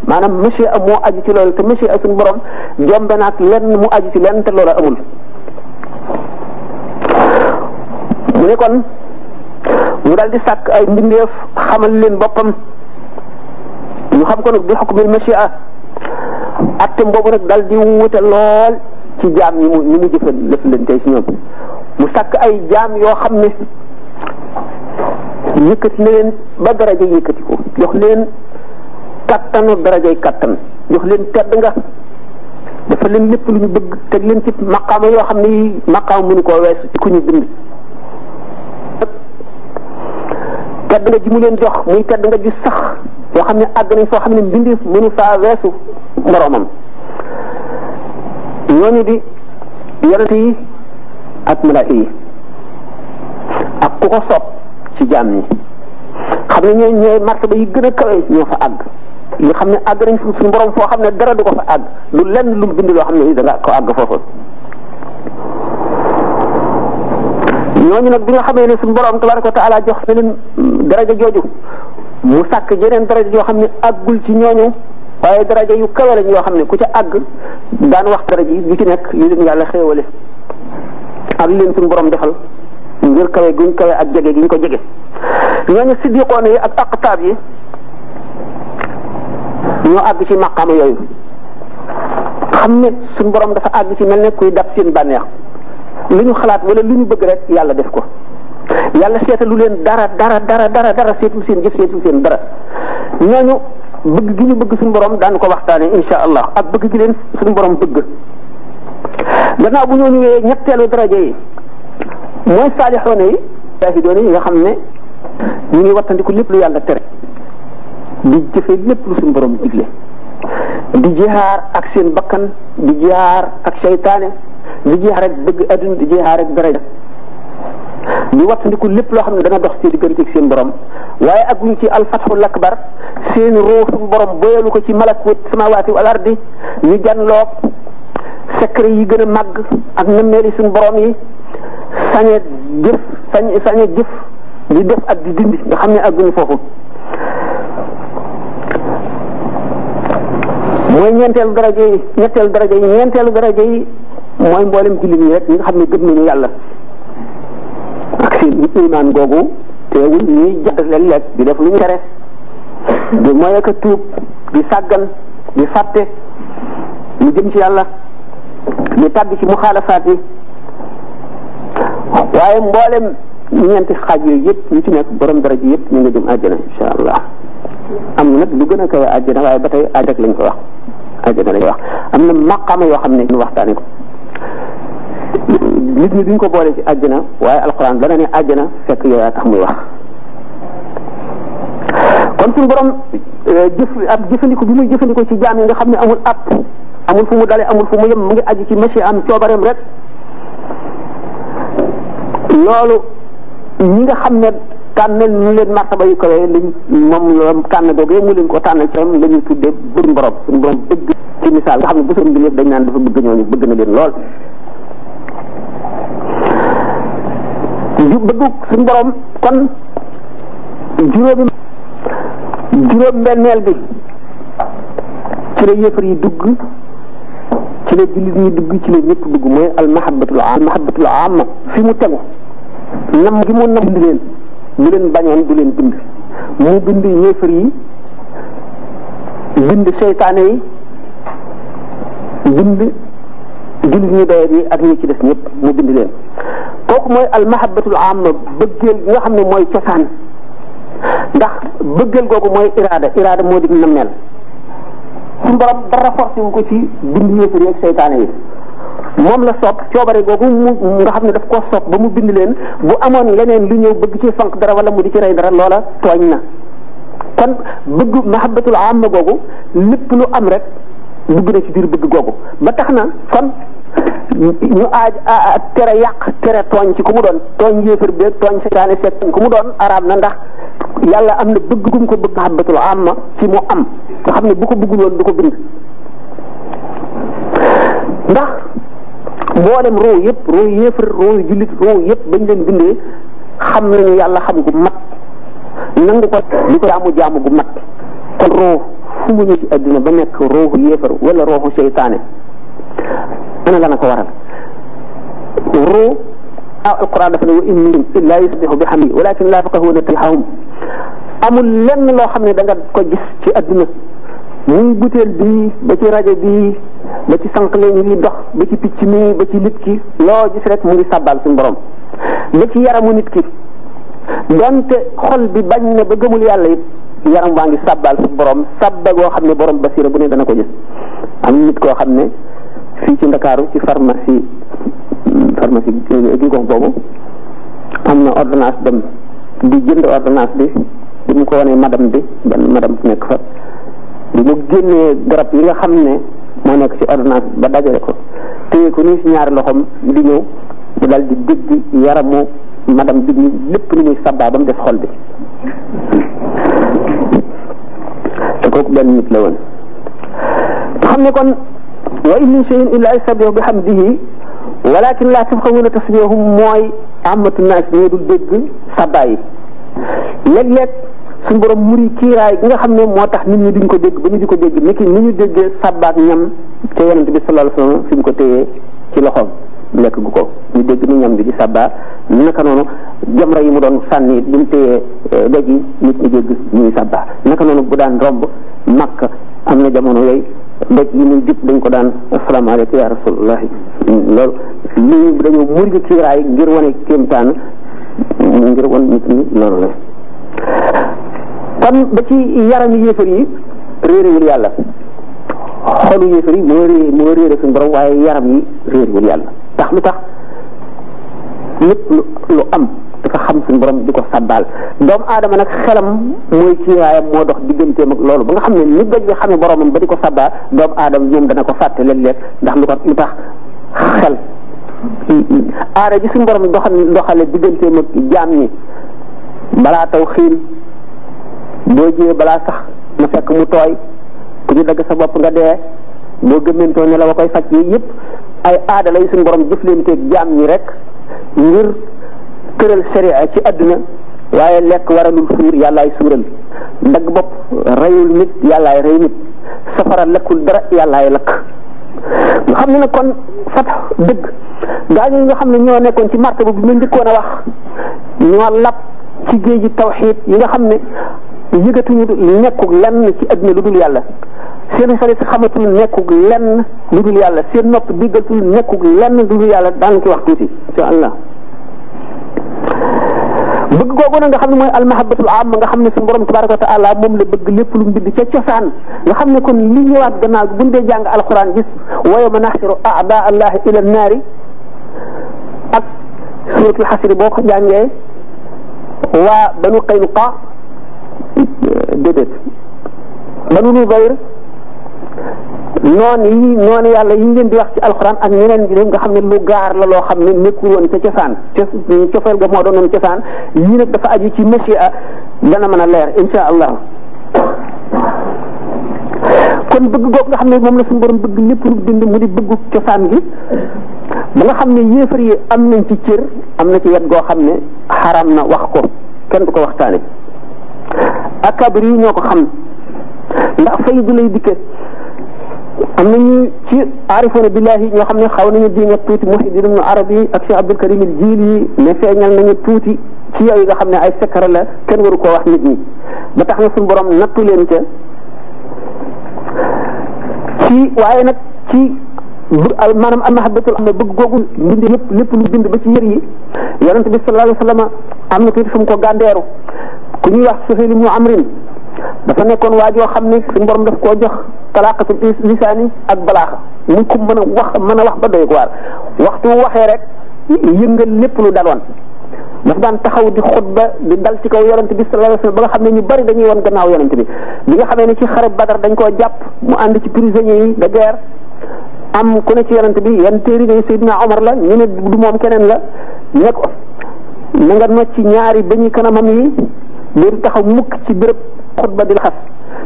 maanaam monsieur am moo aju ci loolu te monsieur a suñu borom jombe naag lenn mu aju ci lenn te loola amul mu ne kon mu dal di sàkk ay mbindeef xamal leen boppam ñu xam ko nag bi xukmil machia attem boobu nag dal di wute lool ci jaam ñi mu ñi mu jëfan lëf leen tey si ñoom mu sàkk ay jaam yoo xam ne yëkkati leen ba daraja yëkkati ko jox leen kattanu darajay kattan jox leen tedd nga dafa leen lépp lu ñu bëgg teg leen ci maqaama yoo xam ne yi maqaama mënu koo weesu ku ñu bind tedd nga ji mu leen jox muy tedd nga ju sax yoo xam ne àgg nañ foo xam ne mbindeef mënu faa weesu moroomam ñooñu di yonent yi ak malaaka yi ak ku ko sopp ci jaam ñi xam ne ñooy ñooy martaba yi gën a kawe ñoo fa àgg yi xam ne àgg nañ fi suñu borom foo xam ne dara du ko fa àgg lu lenn lu mu bind loo xam ne da nga ko àgg foofu ñooñu nag bi xamee ne suñu borom tabaraka jox na leen daraja jooju mu sàkk yeneen daraja yoo xam ne àggul ci ñooñu waaye daraja yu kawe lañ yoo xam ne ku ci àgg daan wax daraja yi bi ci nekk li leen yàlla xéewale ak leen suñu borom defal ngir kawe guñ kawe ak jege gi ñu ko jege ñooñu siddiqoon yi ak aqtaab yi ñoo àgg ci maqaama yooyu xam ne suñ boroom dafa àgg ci mel ne kuy daf seen bànneex lu ñu xalaat wala lu ñu bëgg rek yàlla def ko yàlla seetalu leen dara dara dara dara dara seetul seen jëf seetul seen dara ñooñu bëgg gi ñu bëgg suñu boroom daan ko waxtaanee insha allah ak bëgg gi leen suñu borom bëgg gannaaw bu ñoo ñëwee ñetteelu daraja yi mooy saalixoona yi saahidoona yi nga xam ne ñu ngi wattandiku lépp lu yàlla tere di jëfe lépp lu suñu borom digle di jihaar ak seen bakkan di jihaar ak seytaane di jihaar ak bëgg adduna di jihaar ak daraja di wattandiku lépp loo xam ne dana dox ci diggante seen borom waaye aguñ ci alfatxul akbar seen ruuxu borom boyalu ko ci malakut samawaati wal ardi ñu janloog secret yi gën a màgg ak nëmmeeli suñu borom yi sañ a jëf sañ jëf di def ak di dindi nga xam ne àgguñu foofu mooy ñeenteelu daraja yi ñetteelu daraja yi ñeenteelu daraja yi mooy mboolem jullit ñi rek ñi nga xam ne gëm nañu yàlla ak seen imaan googu teewul ñuy jàdd léeg-léeg di def luñ tere di mooy ak tuub di sàggan di fàtte ñu jëm ci yàlla ñu tàbbi ci mu muxaalafaat yi waaye mboolem ñeenti xaaj yooyu yëpp ñu ci nekk borom dara ji yëpp ñu ngi jëm àjjana incha allah am na nag lu gën a kawe àjjana waaye ba tey àjj rek lañ ko wax àjjana lañ wax am na maqaama yoo xam ne ñu waxtaanee ko nit ñi duñ ko boole ci àjjana waaye alxuraan dana ne àjjana fekk yooyu yaa muy wax. kon suñu borom eh, jëf ab jëfandikoo bi muy jëfandikoo ci jaam yi nga xam ne amul app amul fu mu dalee amul fu mu yem mu ngi aju ci machi am coobareem rek. loolu ñi nga xam ne tànnal ñu leen martaba yu kawe lañ moom loolu tànn googee mu leen ko tànnal tam la ñuy tuddee bur mborom suñu borom bëgg ci misaal nga xam ne bu sëriñ bi lépp dañ naan dafa bëgg ñooñu bëgg na leen lool yu bëggu suñu borom kon juróomi juróom benneel bi ci la yëfar yi dugg ci la jullit yi dugg ci la ñëpp dugg mooy al mahabbatul am mahabbatul am fi mu tegu nam gi mu na bind leen ñu leen bañoon du leen bind mu bind yéefar yi bind seytaane yi bind jullit ñu doyat yi ak ñi ci def ñëpp mu bind leen kooku mooy almahabatul amma bëggeel gi nga xam ne mooy cosaan ndax bëggeel googu mooy iraada iraada moo di nammeel suñu borom dara forcé wu ko ci bind yéefar yi ak seytaane yi moom la sopp coobare googu mu nga xam ne daf koo sopp ba mu bind leen bu amoon leneen lu ñëw bëgg ci fanq dara wala mu di ci rey dara loola tooñ na kon bëgg mahabbatul amma googu lépp lu am rek dugg na ci biir bëgg googu ba tax na kon ñu aaj tere yàq tere tooñ ci ku mu doon tooñ yéefar beeg tooñ seytaane seet ku mu doon araab na ndax yàlla am na bëgg gum ko bëgg mahabbatul amma ci mu am nga xam ne bu ko bëggul woon du ko bind ndax mboolem ruu yëpp ruu yéefar ruu jullit yëpp bañ leen bindee xam nañu yàlla xam gu mat nangu ko li ko jaamu jaamu gu mat kon fu mu ñëw ci adduna ba nekk ruuxu yéefar wala ruuxu seytaane ana lan a ko waral ruu ah alquran dafa ne wa in minhum illaa yusbihu bi hamdi walakin laa faqahuuna tasbiihahum amul lenn loo xam ne da ko gis ci adduna muy butéel bii ba ci rajo bii ba ci sànq la ngi dox ba ci picc mi ba ci nit ki loo gis rek mu ngi sàbbal suñu borom ba ci yaramu nit ki donte xol bi bañ na ba gëmul yàlla it yaram waa ngi sàbbal suñu borom sàbba goo xam ne borom basira bu ne dana ko gis am nit koo xam ne fii ci ndakaaru ci pharmacie pharmacie gi euh, gox boobu am na ordonnance dem di jënd ordonnance bi bi mu ko wanee madame bi benn madame nekk fa bi mu génnee garab yi nga xam ne moo nekk ci ordonnance ba dajale ko téye ko nii ñaari loxoom di ñëw mu dal di dégg yaramu madame bi ni lépp ni muy sabbaa ba mu def xol bi te kooku benn nit la woon xam ne kon wa in min shay'in illa yusabbihu bihamdihi walakin la tafqahuna tasbihahum mooy amatu naas ñoo du dégg sabbaa yi léeg-léeg suñu borom muri kiiraay gi nga xam ne moo tax nit ñi duñ ko dégg ba ñu di ko dégg niki ni ñu déggee sàbbaak ñam te yonent bi sallallahu alayhi wasallam fi mu ko téyee ci loxoom lekk gu ko ñu dégg ni ñam bi di sàbbaa naka noonu jamra yi mu doon sànni bi mu téyee eh, doj yi nit ñi dégg ñuy sàbbaa naka noonu bu daan romb màkk am na jamono yooyu doj yi muy jub dañ ko daan asalaamaaleykum ya rasulullahi loolu li dañoo muri kiiraay ngir wane kéemtaan ngir wan nit ñi loolu la kon ba ci yaram yi yéefar yi réerewul yàlla xolu yéefar yi moo réer moo réere suñu borom waaye yaram yi réerewul yàlla ndax lu tax lépp lu lu am xam suñu borom di ko sàbbaal doomu aadama nag xelam mooy kiiraayam moo dox digganteem ak loolu ba nga xam ne ni doj bi xamee boromam ba di ko sàbbaal doomu aadama ñoom dana ko fàtte léeg-léeg ndax lu ko lu tax xel aada ji suñu borom doxal doxale digganteem ak jaam ñi balaa taw xiin boo jiyee balaa sax mu fekk mu tooy ku ñu dagg sa bopp nga dee boo gëmmantoo ne la wa koy faj yi yëpp ay aada lay suñu borom jëflanteeg jaam yi rek ngir tëral sariya ci àdduna waaye lekk waralul suur yàllaay suural ndagg bopp reyul nit yàllaay rey nit safara lekkul dara yàllaay lakk nga xam ne nag kon fat dëgg nga xam ne ñoo nekkoon ci martaba bi ma njëkkoon a wax ñoo lab ci géeji tawxiid yi nga xam ne yëgatuñu nekkug lenn ci àdduna lu dul yàlla seen xale si lenn lu yàlla seen nopp diggatul nekkug lenn lu yàlla daan ci wax tuuti insha allah bëgg googu nag nga xam ne mooy almahabatul amma nga xam ne suñu borom tabaraka moom la bëgg lépp lu mu bind ca cosaan nga xam ne kon li ñëwaat gannaaw bi buñ dee jàng alquran gis wa yawma nahshiru a'daa allahi ila naari ak suratul xasri boo ko waa banu qaynuqa déedéet banu Nudayr noon yi noonu yàlla yi ñu leen di wax ci alxuraan ak ñeneen ñi nga xam ne lu gaar la loo xam ne nekkul woon ca cosaan cofeel ga moo doonoon cosaan lii nag dafa aju ci masiha dana mën a leer insha allah kon bëgg googu nga xam ne moom la suñu borom bëgg lépp lu dund mu di bëggu cosaan gi ba nga xam ne yéefar yi am nañ ci cër am na ci wet goo xam ne xaram na wax ko kenn du ko waxtaane akabir yi ñoo ko xam ndax fay du lay dikke am nañu ci aarifoona billahi ñoo xam ne xaw nañu diine tuuti Muhyiddin ibnu Arabi ak Cheikh Abdul Karim al Jili fee feeñal nañu tuuti ci yooyu nga xam ne ay sekara la kenn waru koo wax nit ñi ba tax na suñu borom nattu leen ca ci waaye nag ci maanaam am mahabbatul am na bëgg googu bind yëpp lépp lu bind ba ci yër yi yonent bi sallallahu alayhi wa sallam am na tuuti fu ko gàndeeru ku ñuy wax Suhayl ibnu Amrin dafa nekkoon waa joo xam ne suñu borom daf koo jox talaaqatul lisaani ak balaaxa mu ko mën a wax mën a wax ba doy waar waxtu waxee rek yëngal lépp lu daloon dafa daan taxaw di ba di dal ci kaw yonent bi sallallahu alayhi wasallam xam ne ñu bari dañuy woon gannaaw yonent bi bi nga xamee ne ci xare Badar dañ koo jàpp mu ànd ci prisonniers yi de guerre am ku ci yonent bi yan téeri ne Seydina la ñu ne du moom keneen la ne ko na nga nocc ñaari bañu kanamam yi léegi taxaw mukk ci béréb xutba di la xas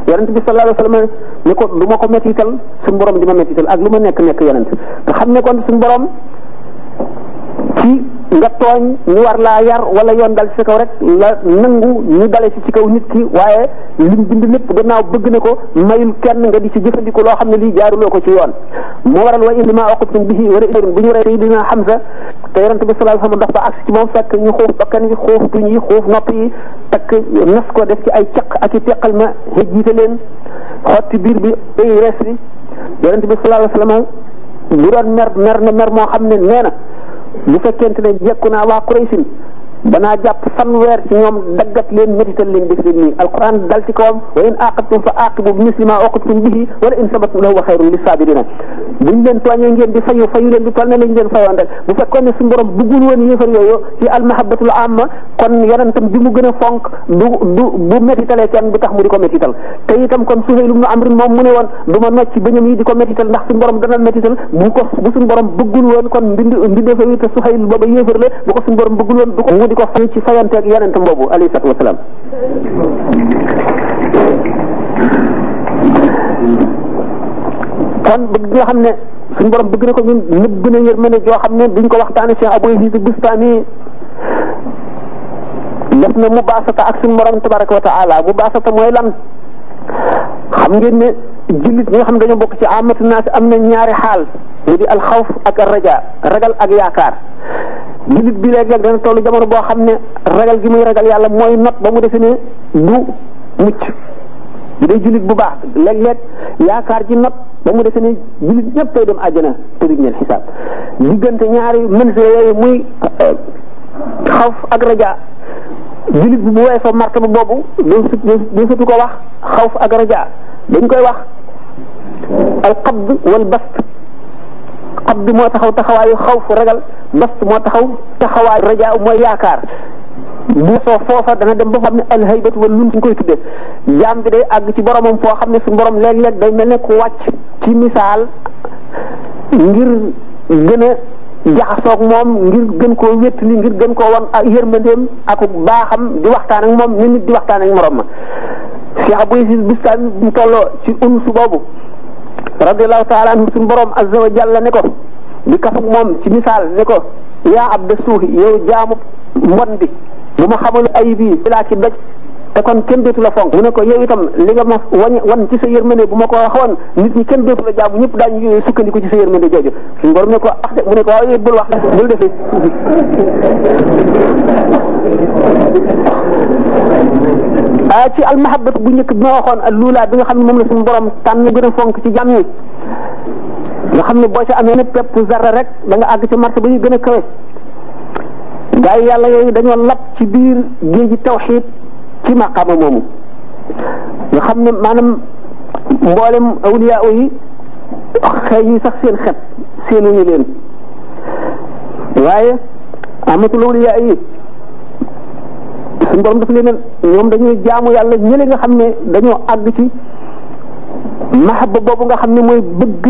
yonent bi sallallahu alayhi wasallam ne ko lu ma ko mettital suñu borom di ma mettital ak lu ma nekk nekk yonent nga xam ne kon suñu borom ci nga tooñ ñu war laa yar wala yoon dal ci sa kaw rek la nangu ñu dale ci ci kaw nit ki waaye liñ bind lépp gannaaw bëgg na ko mayul kenn nga di ci jëfandiku loo xam ne lii jaaruloo ko ci yoon moo waral wa indi maa oqubtum bihi wala bu ñu rey Seydina Hamza te yonent bi sallallahu alayhi wasallam dox ba agsi ci moom fekk ñu xuuf bakkan yi xuuf tuñ yi xuuf nopp yi takk nas ko def ci ay caq ak i teqal ma xëj jiite leen xotti biir bi ay res bi yonent bi sallallahu alayhi wasallam bu doon mer mer na mer moo xam nee na bu fekkente ne jekku naa waa Quraysin danaa jàpp fanweer ci ñoom daggat leen métital leen def leen nii alquran dal ci kawam wa in aqabtum fa aqibu bi misli ma uqibtum bihi wala in sabatum lahu wa xayrun lisabirina buñ leen bu fekkoon ne suñu borom buggul woon kon yonentam bi mu gën a fonk du du bu te itam kon Suhayl ibn bu ko bu suñu borom bëggul la bu ko suñu borom bëggul woon du ko di ci fayanteeg yonent boobu alayhi salaatu wasalaam kon bëgg nga xam ne suñu borom bëgg na ko ñun nëbb na yërmande joo xam ne duñ ko waxtaanee Cheikh Abou Yazid Bustami def na mu baasata ak suñu borom tabaraka wa taala mu mooy lan xam ngeen ne jullit ñi nga xam ne dañoo bokk ci amatu naas am na ñaari xaal. mu di alxawf ak raja ragal ak yaakaar jullit bi léeg-léeg dana tollu jamono boo xam ne ragal gi muy ragal yàlla mooy not ba mu defe ne du mucc bu dee jullit bu baax léeg-léeg yaakaar ji not ba mu defe ne jullit ñëpp tey dem àjjana te duñ leen xisaab diggante ñaari mënsee yooyu muy eh, xawf ak raja jullit bi bu weesoo martaba boobu doo sutu ko wax xawf ak raja dañ koy wax al qabd wal bast xob bi moo taxaw taxawaayu xaw fu ragal mbast moo taxaw taxawaayu rajaa mooy yaakaar bu soo foofa dana dem ba xam ne alhaybatu wala nun suñ koy tuddee jaam bi day àgg ci boromam foo xam ne su borom léeg-léeg day mel ne ku wàcc ci misaal ngir gën a jaxasoog moom ngir gën koo wéttali ngir gën koo wan ak yërmandeem ak baaxam di waxtaan ak moom ni nit di waxtaan ak morom ma Cheikh Abou Aziz Bistami tolloo ci un su boobu radiallahu taala anhu suñu borom azza wa jalla ne ko di kafak moom ci misaal ne ko yaa abda suuhi yow jaamu mbon bi bu ma xamul ayib yi bilaa ci doj te kon kenn dootu la fonk mu ne ko yow itam li nga ma wañ wan ci sa yërmande bu ma ko waxoon nit ñi kenn dootu la jaamu ñëpp daañu sukkandiku ci sa yërmande jooju suñu borom ne ko wax ah de mu ne ko waaw bul wax bul ah, bu njëkk bi ak luulaa bi nga xam ne moom la suñu borom tànn gën a fonk ci jàmm yi nga xam ne boo ci amee ne pepp zarra rek da nga àgg ci marché ba ñu gën a kawe gaa yàlla yooyu dañoo lab ci biir géej gi tawxiid ci maqaama moomu nga xam ne maanaam mboolem awliya yi xëy yi sax seen xet seenuñu leen waaye amatul awliya yi suñu borom daf leen ñoom dañuy jaamu yàlla ñële nga xam ne dañoo àgg ci mahabba boobu nga xam ne mooy bëgg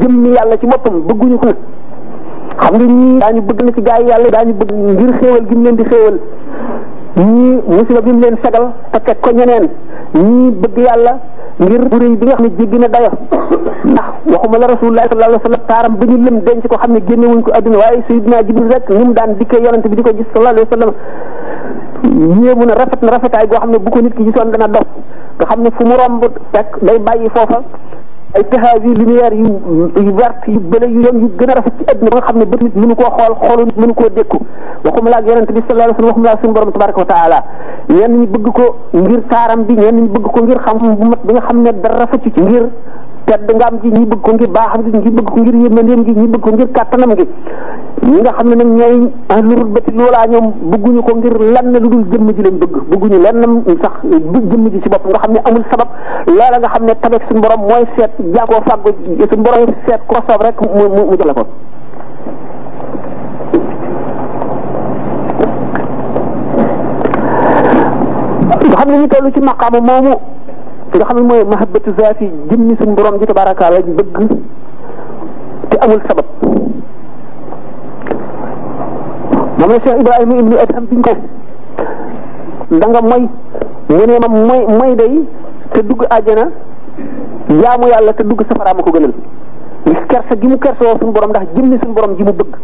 jëmmi yàlla ci boppam bëgguñu ko nag xam nga daa daañu bëgg na ci gaa yi yàlla daañu bëgg ngir xéewal gi leen di xéewal ñii musiba bi mu leen fegal te teg ko ñeneen ñii bëgg yàlla ngir bu bi nga xam ne jéggi na dayo ndax waxuma la rasulullah la alayhi wa sallam taaram bi ñu lëm denc ko xam ne génne wuñ ko adduna waaye sayyidina jibril rek ni mu daan dikkee yonente bi di ko gis sallallahu alayhi wa sallam yéemu na rafet na rafetaay goo xam ne bu ko nit ki gisoon dana dof nga xam ne fu mu romb rek day bàyyi foofa ay tahaawi lumière yu yu vert yu bële yu gën a rafet ci àdduna ba xam ne bët nit ko koo xool xoolu nit mënu koo dékku waxuma laa ak yonent bi sallallahu alayhi wa sallam waxuma laa suñu borom tabaraka wa taala ñenn ñi bëgg ko ngir taaram bi ngeen ñi bëgg ko ngir xam bu mat bi nga xam ne dara rafetu ci ngir tedd nga am ji ñi bëgg ko ngir baaxam gi ñi bëgg ko ngir yërmandeem gi ñi bëgg ko ngir kàttanam gi ñi nga xam ne nag ñooy ahlu rutbati loolaa ñoom bëgguñu ko ngir lenn lu dul jëmm ji lañ bëgg bëgguñu lenn sax du jëmm ji ci bopp nga xam ne amul sabab loola nga xam ne tabeek suñu borom mooy seet jaakoo fàggu suñu seet ko rek mu mu mu jële ko ne ñu tollu ci maqaamu moomu nga xam ne mooy mahabbatu zaati jëmmi suñu borom ji tabaaraka la bëgg te amul sabab ma ne Cheikh Ibrahima ibni Adham biñ ko da nga moy mu ne ma may moy day te dugg àjjana jaamu yàlla te dugg safara ma ko gënal ngir kersa gi mu kersa suñu borom ndax jëmmi suñu borom ji mu bëgg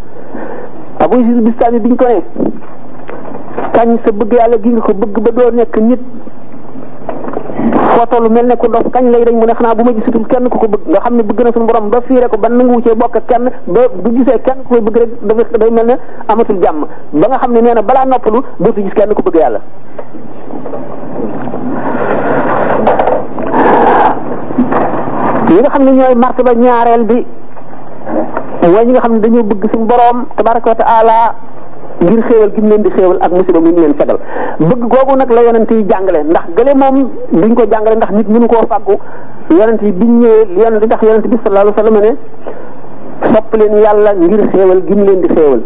Abu Yazid Bistami biñ ko ne kañ sa bëgg yàlla gi nga ko bëgg ba doo nekk nit foo toll mel ne ku dof kañ lay dañ mu ne xanaa bu ma gisatul kenn ku ko bëgg nga xam ne bëgg na suñu borom ba fiire ko ba nanguwu cee bokk kenn ba bu gisee kenn mel ne amatul jàmm ba nga xam ne nee na balaa noppalu dootu gis kenn ku bëgg yàlla ñi nga xam ne ñooy martaba ñaareel bi mooy ñi nga xam ne dañoo bëgg suñu borom tabaraka wa taala ngir xéewal gi mu leen di xéewal ak musiba mi mu leen fegal bëgg googu nag la yonent yi jàngale ndax gële moom duñ ko jàngale ndax nit mënu koo fàggu yonent yi biñ ñëwee yonent yi tax yonent bi sallallahu alayhi wa sopp leen yàlla ngir gi leen di xéewal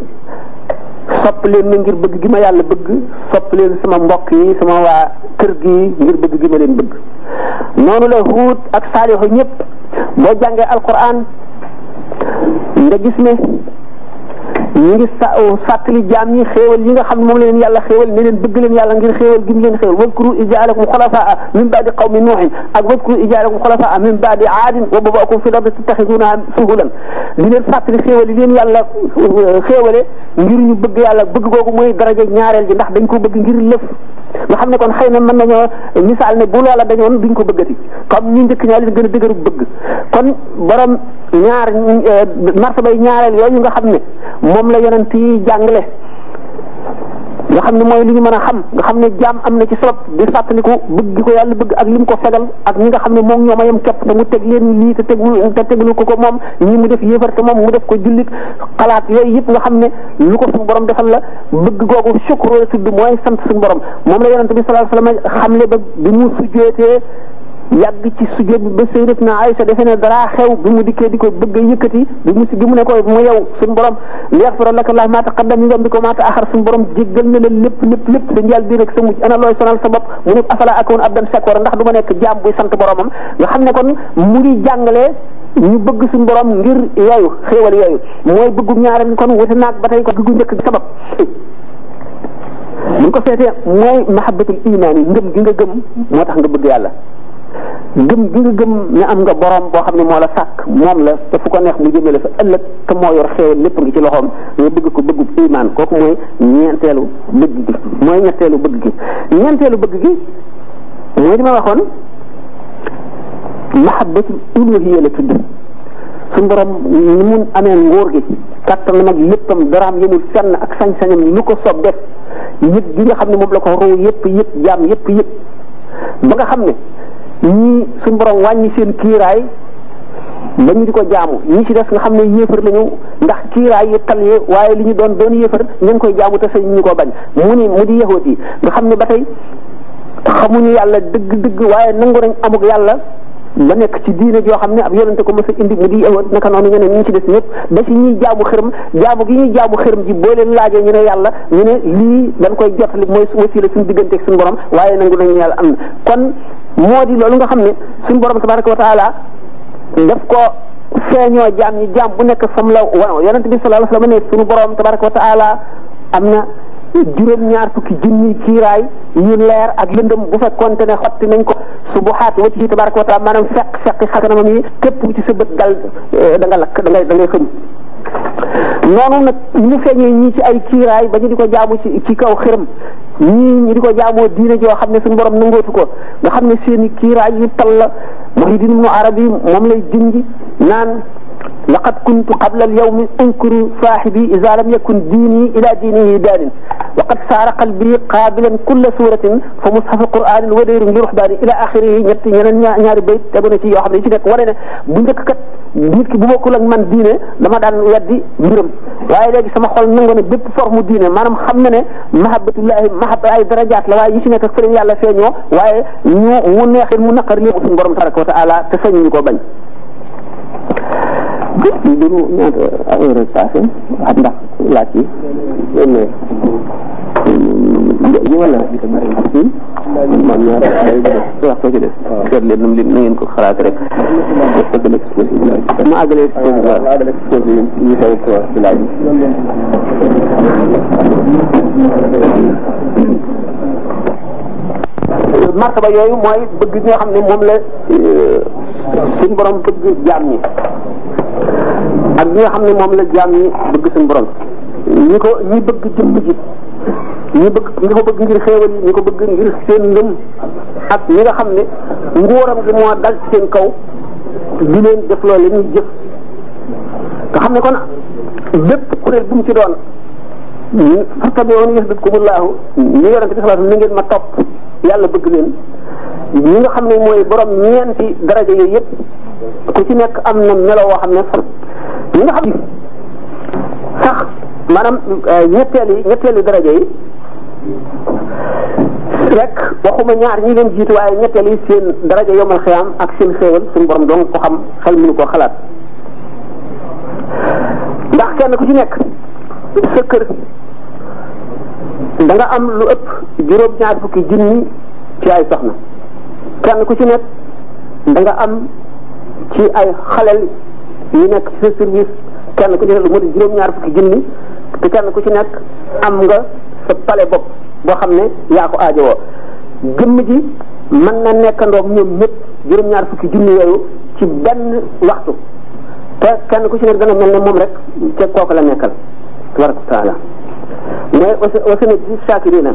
leen ngir bëgg gi ma yàlla bëgg sopp leen sama mbokk yi sama waa kër gi ngir bëgg gi ma leen bëgg noonu la huut ak saalixu ñëpp boo jàngee alquran nga gis ñu ngi sa oh, fàttali jaam ñi xéewal yi nga xam ne moom la leen yàlla xéewal ne leen bëgg leen yàlla ngir xéewal gi mu leen xéewal wadkuru iz jaalakum xulafaa min baadi qawmi nuuhin ak wadkuru iz jaalakum xulafaa min baadi aadin wa babaakum fil ardi tattaxiduunahaa suhulan di leen fàttali xéewal yi leen yàlla xéewale ngir ñu bëgg yàlla bëgg googu mooy daraja ñaareel ji ndax dañ ko bëgg ngir lëf nga xam ne kon xëy na mën nañoo misaal ne bu loola dañoon duñ ko bëggati comme ñu njëkk ñaa leen gën a dëgëru bëgg kon borom ñaar euh, martabay ñaareel yooyu nga xam ne moom la yonent yi jàngale nga xam ne mooy li ñu mën a xam nga xam ne jaam am na ci sabab di fàttaliku bëgg ko yàlla bëgg ak lim ko fegal ak ñi nga xam ne moom ñoo yam yem képp te mu teg leen lii te tegul te teglu ko ko moom ñii mu def yéefar te moom mu def ko jullit xalaat yooyu yëpp nga xam ne lu ko suñu borom la bëgg googu sukkur la tudd mooy sant suñu moom la yonente bi sallallahu alayhi wasallam xamle ba bi mu sujjootee yàgg ci sujjóot bi ba Sayyidatuna Aïcha defe ne dara xew bi mu dikkee di ko bëgg a yëkkati bi mu si bi mu ne ko mu yow suñu borom liyaghfira laka Allahu maa taqaddama min dhanbika wa maa ta'akhkhara suñu borom jéggal na la lépp lépp lépp sa njaal bi rek sa mujj ana looy sonal sa bopp mu ne afala akunu abdan shakura ndax du ma nekk jaam buy sant boromam nga xam ne kon mu ngi jàngalee ñu bëgg suñu borom ngir yooyu xéewal yooyu mooy bëggu ñaareel ni kon wuti naag ba tey ko dugg njëkk sabab ñu ko seetee mooy mahabbatul imaan yi ngëm gi nga gëm moo nga bëgg yàlla gëm gi nga gëm ne am nga borom boo xam ne moo la sàkk moom la te fu ko neex mu jëmale fa ëllëg te moo yor xéewal lépp ngi ci loxoom nga bëgg ko bëggub iman kooku mooy ñeenteelu bëgg gi mooy ñetteelu bëgg gi ñeenteelu bëgg gi li ma waxoon mahabbatu ilahiyya la tudd suñu borom ni mun amee nguur gi kàttanam ak léppam daraam yemul fenn ak sañ-sañam lu ko soob def yëpp gi nga xam ne moom la ko roo yëpp yëpp jaam yëpp yëpp ba nga xam ne ñii suñu borom wàññi seen kiiraay ba ñu di ko jaamu ñii ci des nga xam ne yéefar lañu ndax kiiraay yi tal yi waaye li ñu doon doon yéefar ñu ngi koy jaamu te sañ ñu ko bañ mu ni mu di yahoot yi nga xam ne ba tey xamuñu yàlla dëgg dëgg waaye nangu nañ amuk yàlla la nekk ci diine joo xam ne ab yonente ko mos a indi mu di yahoot naka noonu ñeneen ñi ñu ci des ñëpp ba ci ñuy jaamu xërëm jaamu gi ñuy jaamu xërëm ji boo leen laajee ñu ne yàlla ñu ne lii dañ koy jottali mooy wasila suñu digganteeg suñu borom waaye nangu nañ yàlla am kon moo di loolu nga xam ne suñu borom tabaraka wa taala daf ko feeñoo jaam ñi jaam bu nekk fam la wan yonent bi sallallahu alayhi la sallam ne suñu borom tabaraka wa am na juróom-ñaar fukki junni kiiraay yu leer ak lëndëm bu fekkonte ne xotti nañ ko bu wa ci tabaraka wa taala maanaam feq feqi xakanamam yi képp ci sa bët dal eh, da nga lakk da ngay da xëm noonu nag ñu feeñee ñii ci ay kiiraay ba ñu di ko jaamu ci ci kaw xërëm ñii ñu di ko jaamoo diine joo xam ne suñu borom nangootu ko nga xam ne seeni kiiraay yu tal la Muhyiddin Ibn Arabi moom lay junj naan laqad kuntu qabla al-yawmi unkuru saaxibi iza lam yakun diini ila diinihi daanin wa qad saara qalbi qaabilan kulla suuratin fa mushafu qur'aanin wa dayrun li ruxbaani ila axirihi ñett ñeneen ñaari bayt tegu na ci yoo xam ne ci nekk wane ne bu njëkk kat nit ki bu bokkul ak man diine dama daan weddi mbiram waaye léegi sama xol nangu ne bépp forme diine maanaam xam na ne mahabbatullahi mahab ay darajaat la waaye yi ci nekk ak fële yàlla feeñoo waaye ñu mu neexin mu naqar léegi suñu borom tabaraka wa taala te sañu ñu ko bañ du du du ñaata affaire rek passé ak ndax laaj yi. ñu wala man ñaar wax ko ci des seet leen nam li na ngeen ko xalaat rek ma àggale exposé bi ñu xew ko ci laaj bi martaba yooyu mooy bëgg ñi nga xam ne moom la eh, suñ borom bëgg jaam ñi ak ñi nga xam ne moom la jaam ñi bëgg suñu borom ñi ko ñi bëgg jëmm ji ñi bëgg ñi ko bëgg ngir xéewal yi ko bëgg ngir seen ndëm ak ñi nga xam ne nguuram gi moo dal seen kaw di leen def loolu la ñuy jëf nga xam ne kon bépp kuréel bu mu ci doon fattabi'uuni yuhbibkumullaahu ñu yorante bi salaatu ni ngeen ma topp yàlla bëgg leen ñi nga xam ne mooy borom ñeenti daraja yooyu yëpp ku ci nekk am na melo woo xam ne ñi nga xam sax ñetteel euh, ñetteelu ñetteelu daraja yi rek waxuma ñaar ñi leen jiit waaye ñetteel yi seen daraja yomal xiyaam ak seen xéewal suñ borom dong ko xam xel mënu ko xalaat ndax kenn ku ci nekk sa kër da am lu ëpp juróom-ñaar fukki junni ci ay soxna kenn ku ci nekk danga nga am ci ay xalel yi nekk ci sa service kenn ku ci nekk lu mot juróom-ñaar fukki junni te kenn ku ci nekk am nga sa pale bopp boo xam ne yaa ko aajowoo gëmm ji mën na nekkandoog ñoom ñëpp juróom-ñaar fukki junni yooyu ci benn waxtu te kenn ku ci nekk dana mel ne moom rek te kooku la nekkal tabaraka taala mais wasana bi shakirina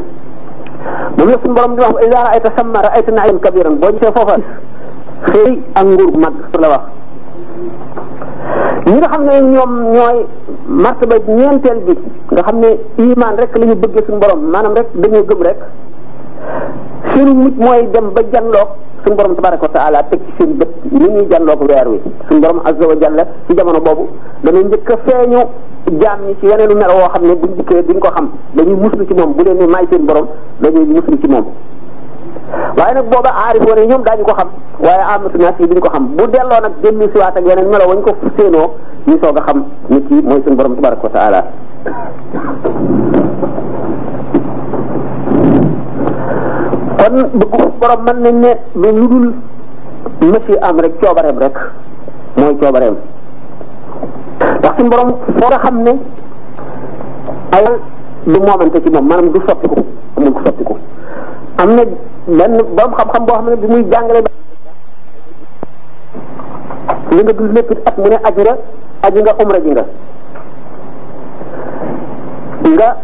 moom la suñu borom di wax ida raayta samma raayta naiman kabiran boo gisee foofa xëy ak nguur mag la wax ñi nga xam ne ñoom ñooy martaba ñeenteel bi nga xam ne iman rek la ñu bëggee suñu borom maanaam rek dañoo gëm rek seenu mujj mooy dem ba janloog suñ borom tabaraka wa taala teg ci seen bët ni ñuy janloog weer wi suñu borom azza wa jalla ci jamono boobu dana njëkk a feeñu jaam ñi ci yeneenu melo woo xam ne buñ dikkee duñ ko xam dañuy muslu ci moom bu leen ne maay seen borom dañuy muslu ci moom waaye nag booba aarifoon yi ñoom daañu ko xam waaye amatu naas yi duñ ko xam bu delloo nag jëmmi siwaat ak yeneen melo wañ ko séenoo ñu soo a xam nit ki mooy suñu borom tabaraka wa taala kon bëggu lu ludul mësi am rek coobareem rek mooy coobareem ndax suñu borom foo xam ne awal du moomante ci moom maanaam du soppiku amul ko soppiku am na lenn borom xam-xam boo xam ne bi muy jàngale li nga dul lépp at mu ne aju la aju nga umra nga nga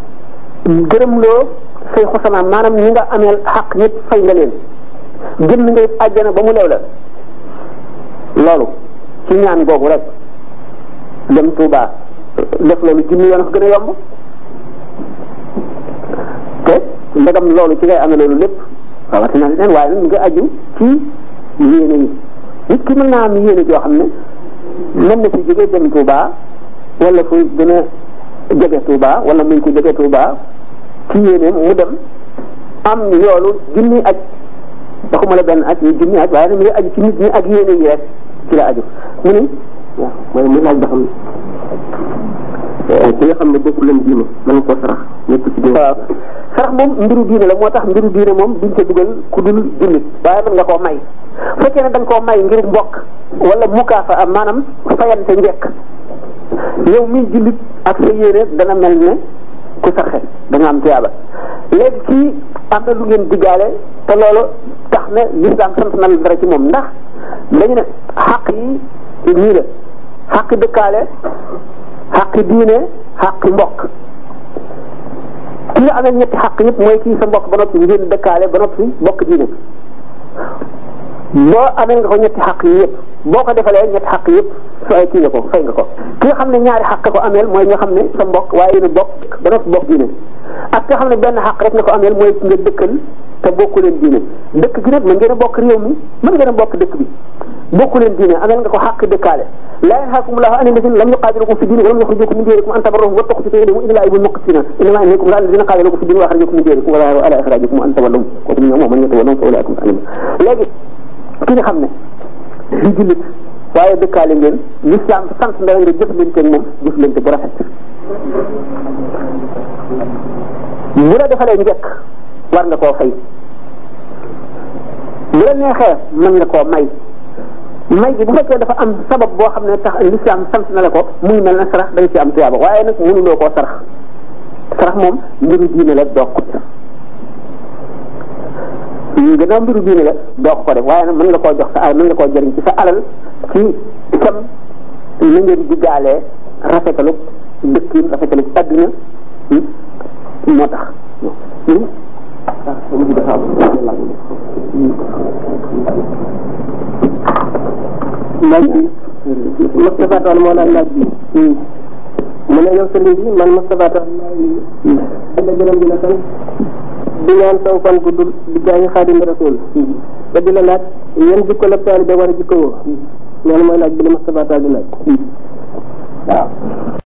gërëmloo say xosanaam maanaam ñi nga ameel xaq ñëpp fay nga leen génn nga àjjana ba mu leew la loolu ci ñaan googu rek dem Tuuba def loolu junni yoon gën a yomb te ndegam loolu ci ngay amee loolu lépp rawatina leen waaye nag mu ngi aju ci yéene yi nit ki mën naa am yéene joo xam ne mën na fi jóge dem Touba wala fu gën a jege Touba mu ngi ko jege Touba ci yéene mu dem am yoolu junni aj waxuma la benn aj yi junni waaye nag mu ak yéene yi rek ci aju mu ni mu laaj ba xam ki nga xam ne bokkul leen diine mën nga koo sarax nekk ci diine sarax moom mbiru diine la moo tax mbiru diine moom duñ ca dugal ku dul jullit waaye mën nga koo may fekkee ne dañ koo may ngir mbokk wala mukaafa am maanaam fayante njekk yow miy jullit ak sa yéene dana mel ne ku sarxe da nga am tiyaaba léegi kii am na lu ngeen diggaale te loolu tax ne lislaam sant na la dara ci moom ndax dañu ne xaq yi nii la xaq dëkkaale xaqi diine xaqi mbokk ki nga ñetti xaq yëpp mooy kii sa mbokk ba noppi ngeen dëkkaale ba noppi mbokk diine boo amee nga ko ñetti xaq yi yëpp boo ko defalee ñetti xaq yëpp su ay kii nga ko fay nga ko ki nga xam ne ñaari xaq ko ameel mooy nga xam ne sa mbokk waaye yéen a bokk ba noppi bokk diine ak nga xam ne benn xaq rek nga ko ameel mooy nga dëkkal te bokku leen diine dëkk gi nag mën ngeen a bokk réew mi mën ngeen bokk dëkk bi bokku leen diine ameel nga ko xaq dëkkaale la yanhaakum llaahu ani llaziina lam yuqaatilukum fi diin wa lam yukhrijukum min diinikum an tabarruhum wa tuqsituu ilayhim innallaaha yuhibbul muqsitiina innamaa yanhaakum llaahu ani llaziina qaataluukum fi diin wa akhrajakum min diinikum wa zaaharuu alaa ikhraajikum an tawallawhum wa man yatawallahum fa ulaa'ikum alimun léegi ki nga xam ne di jullit waaye dëkkaale ngeen lislaam sant ndaw nga jëflante ak moom jëflante bu rafet bu la defalee njëkk war nga koo fay bu la neexee mën nga koo may may gi bu fekkee dafa am sabab boo xam ne tax lislaam sant na la ko mu mel ne sarax da nga am tuyaaba waaye nag mënuloo koo sarax sarax moom mbiru diine la doog ko def gannaaw mbiru diine la doog ko def waaye nag mën nga koo jox sa alal mën nga koo jëriñ ci sa alal ci itam na ngeen digaalee rafetalu dëkkin rafetalu adduna moo tax hmm? laaj bi Moustapha Tall moo daan laaj bi mu ne yow sëriñ bi man Moustapha Tall laaj la gërëm di la sant di ñaan saw fan gudd di gaañu xaadim rasul te di la laaj yan jikko la taalibe war a jikkowoo loolu mooy laaj bi la Moustapha Tall di laaj waaw